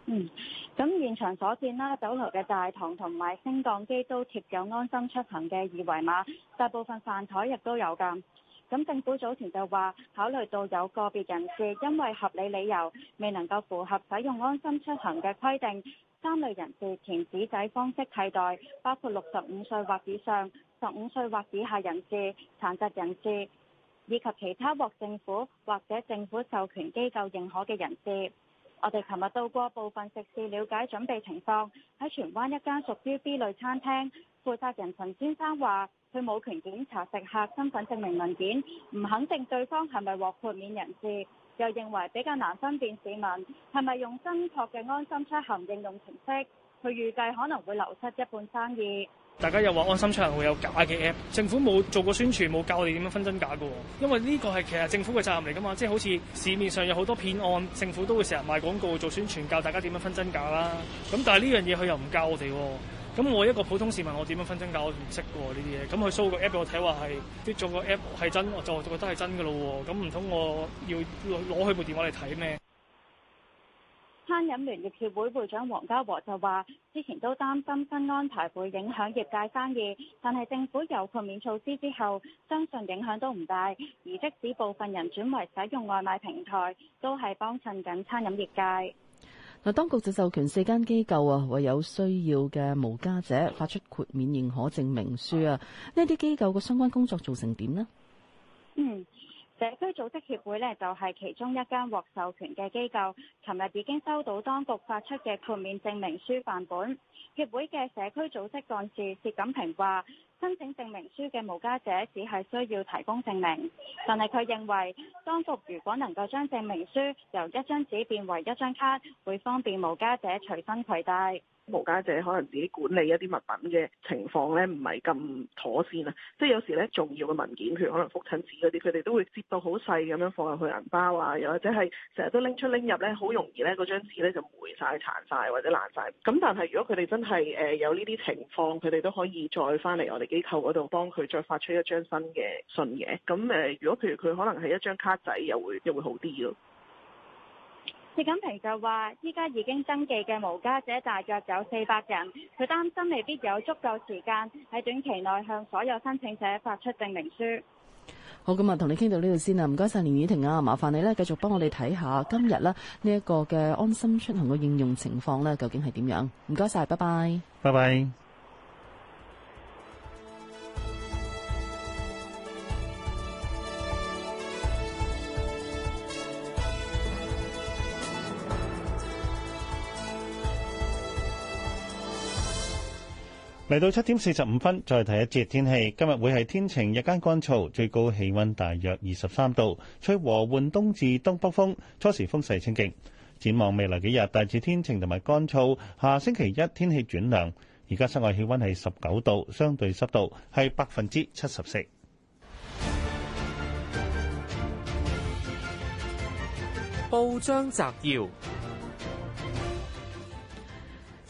嗯，咁現場所見啦，酒樓嘅大堂同埋升降機都貼有安心出行嘅二維碼，大部分飯枱亦都有㗎。咁政府早前就話，考慮到有個別人士因為合理理由未能夠符合使用安心出行嘅規定。三類人士填紙仔方式替代，包括六十五歲或以上、十五歲或以下人士、殘疾人士以及其他獲政府或者政府授權機構認可嘅人士。我哋琴日到過部分食肆了解準備情況，喺荃灣一間屬於 B 類餐廳，負責人陳先生話：佢冇權檢查食客身份證明文件，唔肯定對方係咪獲豁免人士。又認為比較難分辨市民係咪用真確嘅安心出行應用程式，佢預計可能會流失一半生意。大家又話安心出行會有假嘅 App，政府冇做過宣傳，冇教我哋點樣分真假嘅喎。因為呢個係其實政府嘅責任嚟㗎嘛，即係好似市面上有好多騙案，政府都會成日賣廣告做宣傳，教大家點樣分真假啦。咁但係呢樣嘢佢又唔教我哋喎。咁我一個普通市民我，我點樣分真假？我唔識喎呢啲嘢。咁佢 show 個 app，我睇話係即做個 app，係真，我就覺得係真嘅咯喎。咁唔通我要攞佢部電話嚟睇咩？餐飲聯業協會會長黃家和就話：之前都擔心新安排會影響業界生意，但係政府有豁免措施之後，相信影響都唔大。而即使部分人轉為使用外賣平台，都係幫襯緊餐飲業界。嗱，當局就授權四間機構啊，為有需要嘅無家者發出豁免認可證明書啊。呢啲機構嘅相關工作做成點呢？嗯，社區組織協會呢，就係其中一間獲授權嘅機構，琴日已經收到當局發出嘅豁免證明書範本。協會嘅社區組織幹事薛錦平話。申請證明書嘅無家者只係需要提供證明，但係佢認為當局如果能夠將證明書由一張紙變為一張卡，會方便無家者隨身攜帶。無家者可能自己管理一啲物品嘅情況咧，唔係咁妥善啊，即係有時咧重要嘅文件，譬如可能覆診紙嗰啲，佢哋都會折到好細咁樣放入去銀包啊，又或者係成日都拎出拎入咧，好容易咧嗰張紙咧就霉晒、殘晒或者爛晒。咁但係如果佢哋真係誒有呢啲情況，佢哋都可以再翻嚟我哋機構嗰度幫佢再發出一張新嘅信嘅。咁誒，如果譬如佢可能係一張卡仔又，又會又會好啲咯。葉錦平就話，依家已經登記嘅無家者大約有四百人，佢擔心未必有足夠時間喺短期內向所有申請者發出證明書。好，咁啊，同你傾到呢度先啦，唔該晒連婉婷啊，麻煩你咧繼續幫我哋睇下今日咧呢一個嘅安心出行嘅應用情況呢，究竟係點樣？唔該晒，拜拜，拜拜。嚟到七點四十五分，再睇一節天氣。今日會係天晴，日間乾燥，最高氣溫大約二十三度，吹和緩東至東北風，初時風勢清勁。展望未來幾日，大致天晴同埋乾燥。下星期一天氣轉涼，而家室外氣溫係十九度，相對濕度係百分之七十四。報章摘要。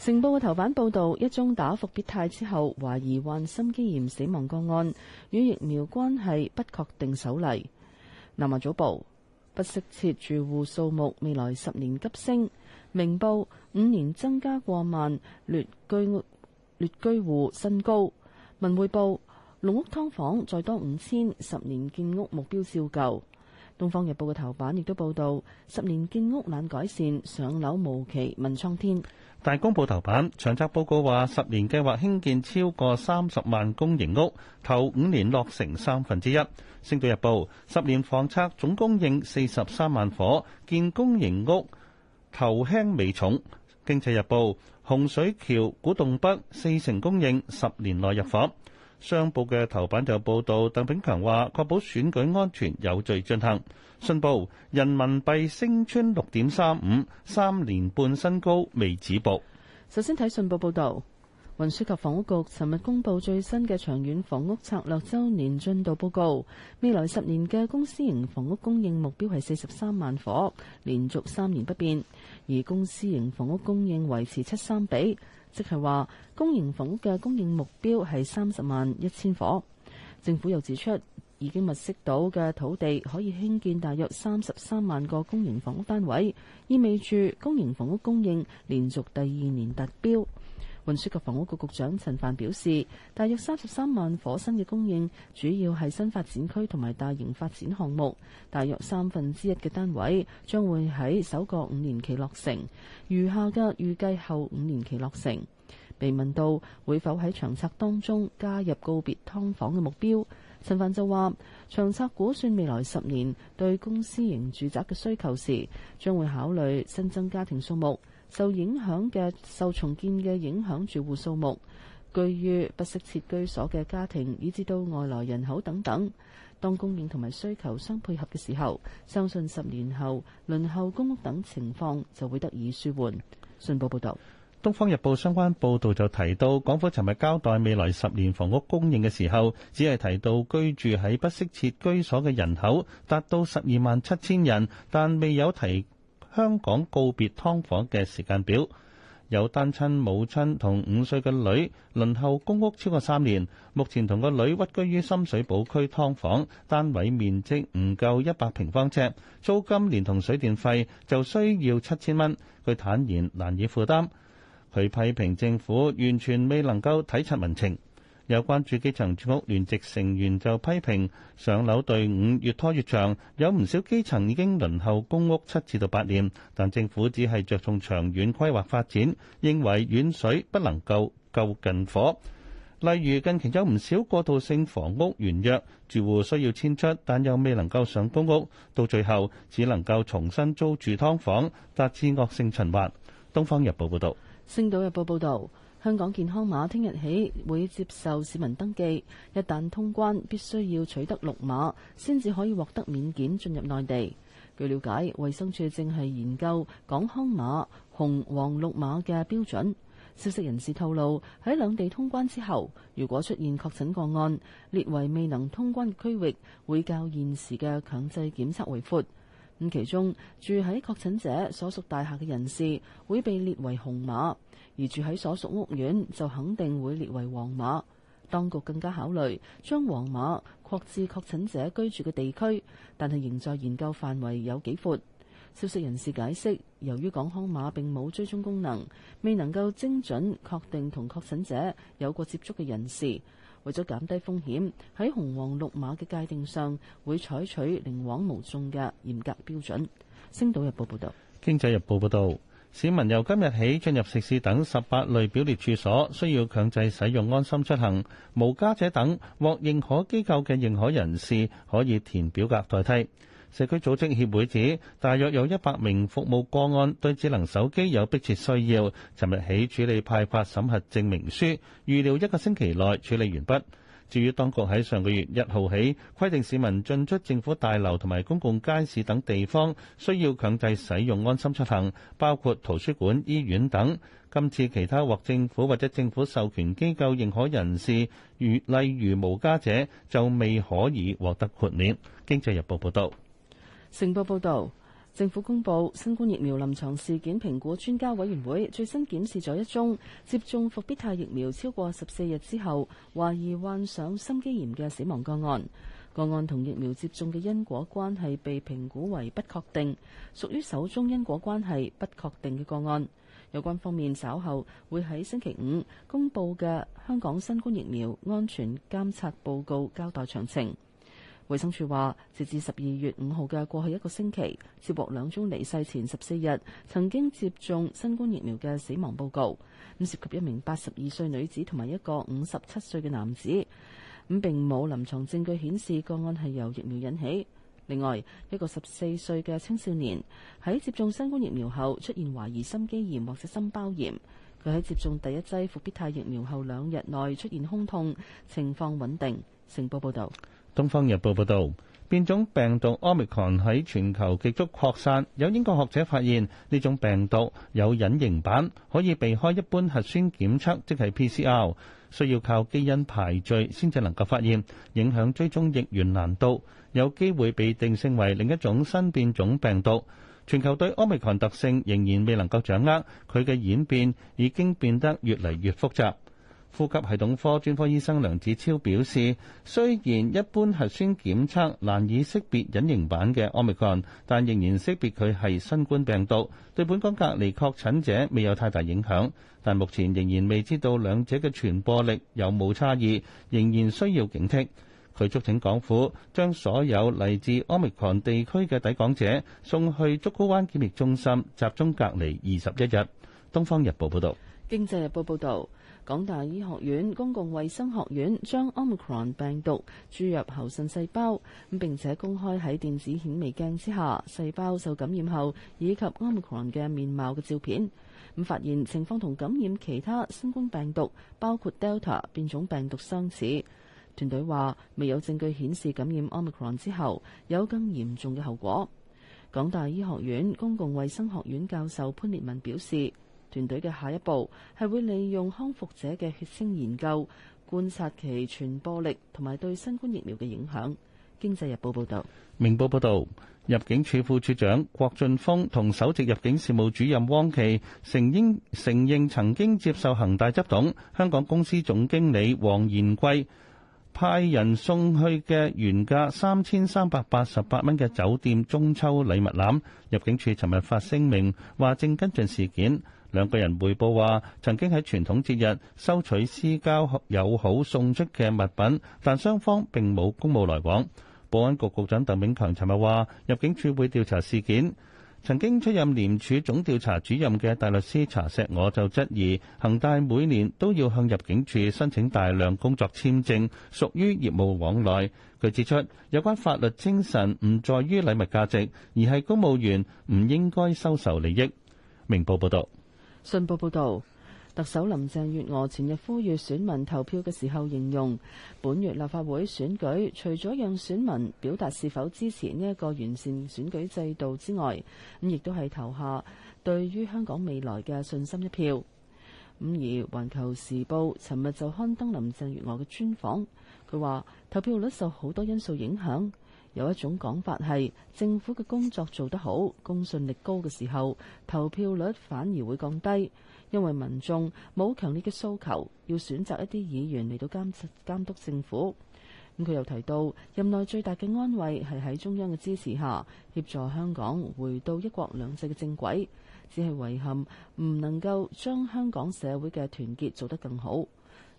成報嘅頭版報道一宗打復必泰之後，懷疑患心肌炎死亡個案與疫苗關係不確定，首例。南華早報不適切住戶數目，未來十年急升。明報五年增加過萬，劣居劣居戶新高。文匯報籠屋劏房再多五千，十年建屋目標照舊。東方日報嘅頭版亦都報道十年建屋難改善，上樓無期問蒼天。大公報頭版，長策報告話十年計劃興建超過三十萬公營屋，頭五年落成三分之一。星島日報，十年房策總供應四十三萬夥，建公營屋頭輕尾重。經濟日報，洪水橋古洞北四成供應，十年內入夥。商報嘅頭版就報道，鄧炳強話確保選舉安全有序進行。信報，人民幣升穿六點三五，三年半新高未止步。首先睇信報報道，運輸及房屋局尋日公布最新嘅長遠房屋策略周年進度報告，未來十年嘅公私營房屋供應目標係四十三萬夥，連續三年不變，而公私營房屋供應維持七三比。即係話，公營房屋嘅供應目標係三十萬一千夥。政府又指出，已經物色到嘅土地可以興建大約三十三萬個公營房屋單位，意味住公營房屋供應連續第二年達標。運輸及房屋局局長陳帆表示，大約三十三萬夥新嘅供應，主要係新發展區同埋大型發展項目，大約三分之一嘅單位將會喺首個五年期落成，餘下嘅預計後五年期落成。被問到會否喺長策當中加入告別劏房嘅目標，陳帆就話，長策估算未來十年對公私營住宅嘅需求時，將會考慮新增家庭數目。受影響嘅、受重建嘅影響住戶數目，居於不適切居所嘅家庭，以至到外來人口等等。當供應同埋需求相配合嘅時候，相信十年後輪候公屋等情況就會得以舒緩。信報報導，《東方日報》相關報導就提到，港府尋日交代未來十年房屋供應嘅時候，只係提到居住喺不適切居所嘅人口達到十二萬七千人，但未有提香港告別劏房嘅時間表，有單親母親同五歲嘅女輪候公屋超過三年，目前同個女屈居於深水埗區劏房，單位面積唔夠一百平方尺，租金連同水電費就需要七千蚊，佢坦言難以負擔。佢批評政府完全未能夠體察民情。有關注基層住屋聯席成員就批評上樓隊伍越拖越長，有唔少基層已經輪候公屋七至到八年，但政府只係着重長遠規劃發展，認為遠水不能夠救近火。例如近期有唔少過渡性房屋完約，住戶需要遷出，但又未能夠上公屋，到最後只能夠重新租住劏房，達至惡性循環。《東方日報》報道。《星島日報》報道。香港健康碼聽日起會接受市民登記，一旦通關，必須要取得綠碼，先至可以獲得免檢進入內地。據了解，衛生署正係研究港康碼紅黃綠碼嘅標準。消息人士透露，喺兩地通關之後，如果出現確診個案，列為未能通關嘅區域，會較現時嘅強制檢測為闊。咁其中住喺確診者所屬大廈嘅人士會被列為紅碼，而住喺所屬屋苑就肯定會列為黃碼。當局更加考慮將黃碼擴至確診者居住嘅地區，但係仍在研究範圍有幾闊，消息人士解釋，由於港康碼並冇追蹤功能，未能夠精準確定同確診者有過接觸嘅人士。為咗減低風險，喺紅黃綠碼嘅界定上，會採取寧枉毋縱嘅嚴格標準。星島日報報道，經濟日報報道，市民由今日起進入食肆等十八類表列處所，需要強制使用安心出行，無家者等獲認可機構嘅認可人士可以填表格代替。社區組織協會指，大約有一百名服務個案對智能手機有迫切需要。尋日起處理派發審核證明書，預料一個星期內處理完畢。至於當局喺上個月一號起規定市民進出政府大樓同埋公共街市等地方，需要強制使用安心出行，包括圖書館、醫院等。今次其他獲政府或者政府授權機構認可人士，如例如無家者，就未可以獲得豁免。經濟日報報導。成報報導，政府公布新冠疫苗臨床事件評估專家委員會最新檢視咗一宗接種復必泰疫苗超過十四日之後，懷疑患上心肌炎嘅死亡個案。個案同疫苗接種嘅因果關係被評估為不確定，屬於首宗因果關係不確定嘅個案。有關方面稍後會喺星期五公佈嘅香港新冠疫苗安全監察報告交代詳情。衛生署話，截至十二月五號嘅過去一個星期，接獲兩宗離世前十四日曾經接種新冠疫苗嘅死亡報告，咁涉及一名八十二歲女子同埋一個五十七歲嘅男子，咁並冇臨床證據顯示個案係由疫苗引起。另外，一個十四歲嘅青少年喺接種新冠疫苗後出現懷疑心肌炎或者心包炎，佢喺接種第一劑復必泰疫苗後兩日內出現胸痛，情況穩定。成報報道。《東方日報》報導，變種病毒 Omicron 喺全球急速擴散。有英國學者發現，呢種病毒有隱形版，可以避開一般核酸檢測，即係 PCR，需要靠基因排序先至能夠發現，影響追蹤疫源難度，有機會被定性為另一種新變種病毒。全球對 Omicron 特性仍然未能夠掌握，佢嘅演變已經變得越嚟越複雜。呼吸系統科專科醫生梁子超表示，雖然一般核酸檢測難以識別隱形版嘅 Omicron，但仍然識別佢係新冠病毒，對本港隔離確診者未有太大影響。但目前仍然未知到兩者嘅傳播力有冇差異，仍然需要警惕。佢促請港府將所有嚟自 Omicron 地區嘅抵港者送去竹篙灣檢疫中心集中隔離二十一日。《東方日報》報導，《經濟日報》報導。港大醫學院公共衛生學院將 Omicron 病毒注入猴腎細胞，並且公開喺電子顯微鏡之下細胞受感染後，以及 Omicron 嘅面貌嘅照片，發現情況同感染其他新冠病毒包括 Delta 變種病毒相似。團隊話未有證據顯示感染 Omicron 之後有更嚴重嘅後果。港大醫學院公共衛生學院教授潘烈文表示。團隊嘅下一步係會利用康復者嘅血清研究，觀察其傳播力同埋對新冠疫苗嘅影響。經濟日報報道。明報報道，入境處副處長郭俊峰同首席入境事務主任汪琪承應承認曾經接受恒大執董、香港公司總經理黃延貴派人送去嘅原價三千三百八十八蚊嘅酒店中秋禮物籃。入境處尋日發聲明話，正跟進事件。兩個人匯報話，曾經喺傳統節日收取私交友好送出嘅物品，但雙方並冇公務來往。保安局局長鄧炳強尋日話，入境處會調查事件。曾經出任廉署總調查主任嘅大律師查錫我就質疑，恒大每年都要向入境處申請大量工作簽證，屬於業務往來。佢指出，有關法律精神唔在於禮物價值，而係公務員唔應該收受利益。明報報道。信報報導，特首林鄭月娥前日呼籲選民投票嘅時候，形容本月立法會選舉除咗讓選民表達是否支持呢一個完善選舉制度之外，咁亦都係投下對於香港未來嘅信心一票。咁而《環球時報》尋日就刊登林鄭月娥嘅專訪，佢話投票率受好多因素影響。有一種講法係，政府嘅工作做得好，公信力高嘅時候，投票率反而會降低，因為民眾冇強烈嘅訴求，要選擇一啲議員嚟到監察監督政府。咁佢又提到，任內最大嘅安慰係喺中央嘅支持下，協助香港回到一國兩制嘅正軌，只係遺憾唔能夠將香港社會嘅團結做得更好。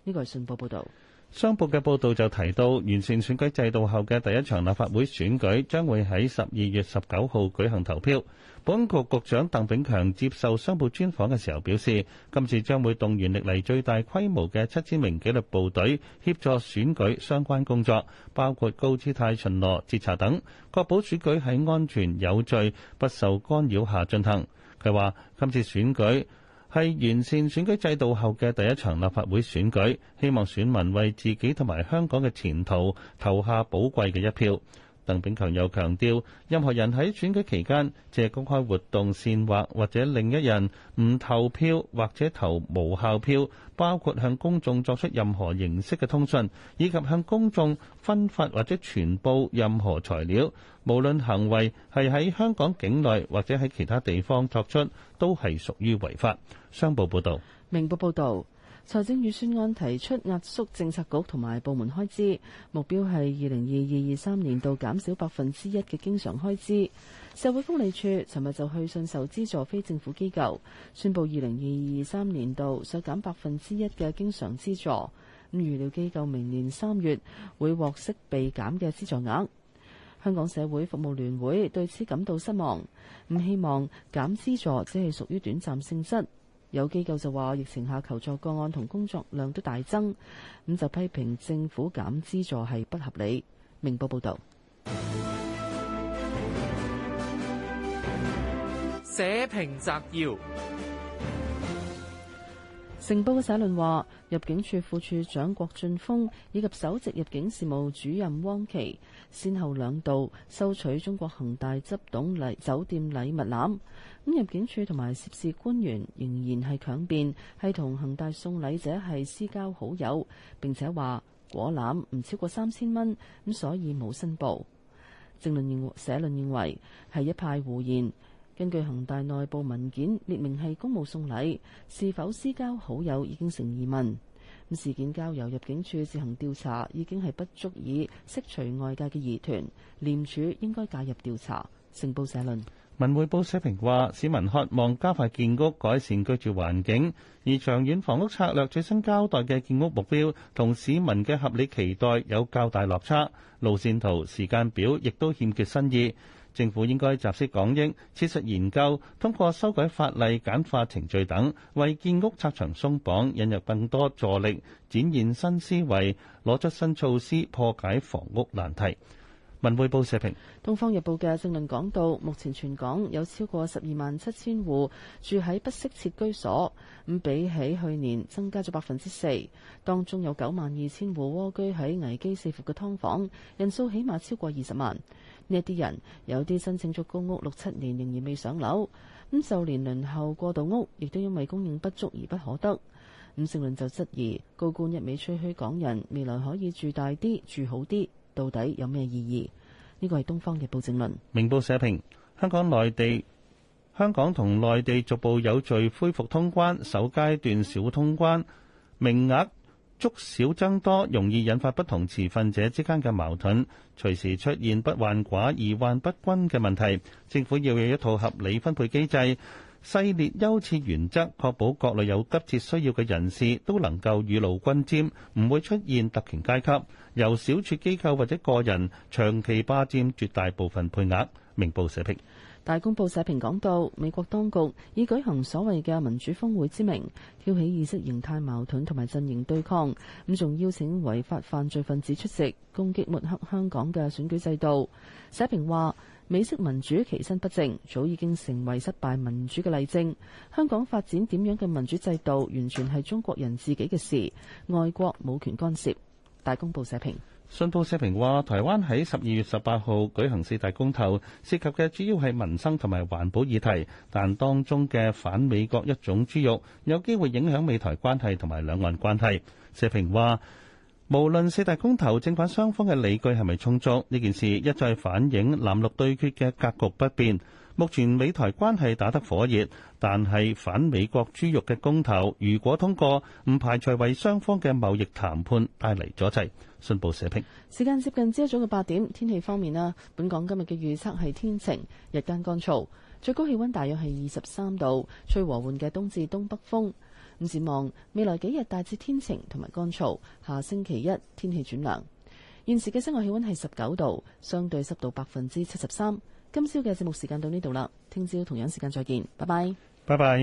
呢個係信報報導。商報嘅報導就提到，完善選舉制度後嘅第一場立法會選舉將會喺十二月十九號舉行投票。保安局局長鄧炳強接受商報專訪嘅時候表示，今次將會動員歷嚟最大規模嘅七千名紀律部隊協助選舉相關工作，包括高姿態巡邏、截查等，確保選舉喺安全有序、不受干擾下進行。佢話：今次選舉係完善選舉制度後嘅第一場立法會選舉，希望選民為自己同埋香港嘅前途投下寶貴嘅一票。鄧炳強又強調，任何人喺選舉期間借公開活動煽惑或者另一人唔投票或者投無效票，包括向公眾作出任何形式嘅通訊，以及向公眾分發或者傳播任何材料，無論行為係喺香港境內或者喺其他地方作出，都係屬於違法。商報報道，明報報道。財政預算案提出壓縮政策局同埋部門開支，目標係二零二二、二三年度減少百分之一嘅經常開支。社會福利處尋日就去信受資助非政府機構，宣布二零二二、二三年度削減百分之一嘅經常資助。咁預料機構明年三月會獲悉被減嘅資助額。香港社會服務聯會對此感到失望，唔希望減資助只係屬於短暫性質。有機構就話，疫情下求助個案同工作量都大增，咁就批評政府減資助係不合理。明報報導，社評摘要。成報嘅社論話，入境處副處長郭俊峰以及首席入境事務主任汪琪，先後兩度收取中國恒大執董禮酒店禮物籃。咁入境處同埋涉事官員仍然係強辯，係同恒大送禮者係私交好友，並且話果欄唔超過三千蚊，咁所以冇申報。政論認社論認為係一派胡言。根據恒大內部文件列明係公務送禮，是否私交好友已經成疑問。事件交由入境處自行調查，已經係不足以釋除外界嘅疑團，廉署應該介入調查。成報社論。文匯報社評話，市民渴望加快建屋，改善居住環境，而長遠房屋策略最新交代嘅建屋目標同市民嘅合理期待有較大落差，路線圖時間表亦都欠缺新意。政府應該集思廣益，切實研究，通過修改法例、簡化程序等，為建屋拆牆、鬆綁，引入更多助力，展現新思維，攞出新措施破解房屋難題。文匯報社評：東方日報嘅正論講到，目前全港有超過十二萬七千戶住喺不適切居所，咁比起去年增加咗百分之四。當中有九萬二千戶窩居喺危機四伏嘅劏房，人數起碼超過二十萬。呢一啲人有啲申請咗公屋六七年仍然未上樓，咁就連輪候過渡屋亦都因為供應不足而不可得。咁正論就質疑高官一味吹噓港人未來可以住大啲、住好啲。到底有咩意義？呢個係《東方日報》政論。明報社評：香港內地，香港同內地逐步有序恢復通關，首階段少通關名額逐少增多，容易引發不同持份者之間嘅矛盾，隨時出現不患寡而患不均嘅問題。政府要有一套合理分配機制，細列優切原則，確保各類有急切需要嘅人士都能夠雨露均沾，唔會出現特權階級，由少數機構或者個人長期霸佔絕大部分配額。明報社評。大公報社評講到，美國當局以舉行所謂嘅民主峰會之名，挑起意識形態矛盾同埋陣營對抗，咁仲邀請違法犯罪分子出席，攻擊抹黑香港嘅選舉制度。社評話。美式民主其身不正，早已經成為失敗民主嘅例證。香港發展點樣嘅民主制度，完全係中國人自己嘅事，外國冇權干涉。大公報社評，信報社評話，台灣喺十二月十八號舉行四大公投，涉及嘅主要係民生同埋環保議題，但當中嘅反美國一種豬肉，有機會影響美台關係同埋兩岸關係。社評話。無論四大公投，正反雙方嘅理據係咪充足，呢件事一再反映藍綠對決嘅格局不變。目前美台關係打得火熱，但係反美國豬肉嘅公投如果通過，唔排除為雙方嘅貿易談判帶嚟阻滯。信報社評。時間接近朝早嘅八點，天氣方面啦，本港今日嘅預測係天晴，日間乾燥，最高氣温大約係二十三度，吹和緩嘅東至東北風。展望未來幾日大致天晴同埋乾燥，下星期一天氣轉涼。現時嘅室外氣溫係十九度，相對濕度百分之七十三。今朝嘅節目時間到呢度啦，聽朝同樣時間再見，拜拜，拜拜。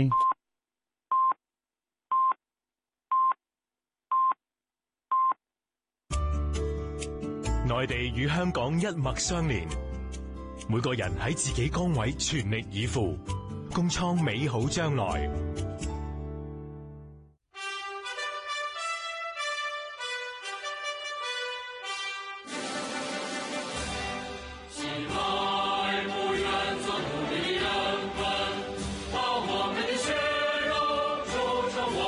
內地與香港一脈相連，每個人喺自己崗位全力以赴，共創美好將來。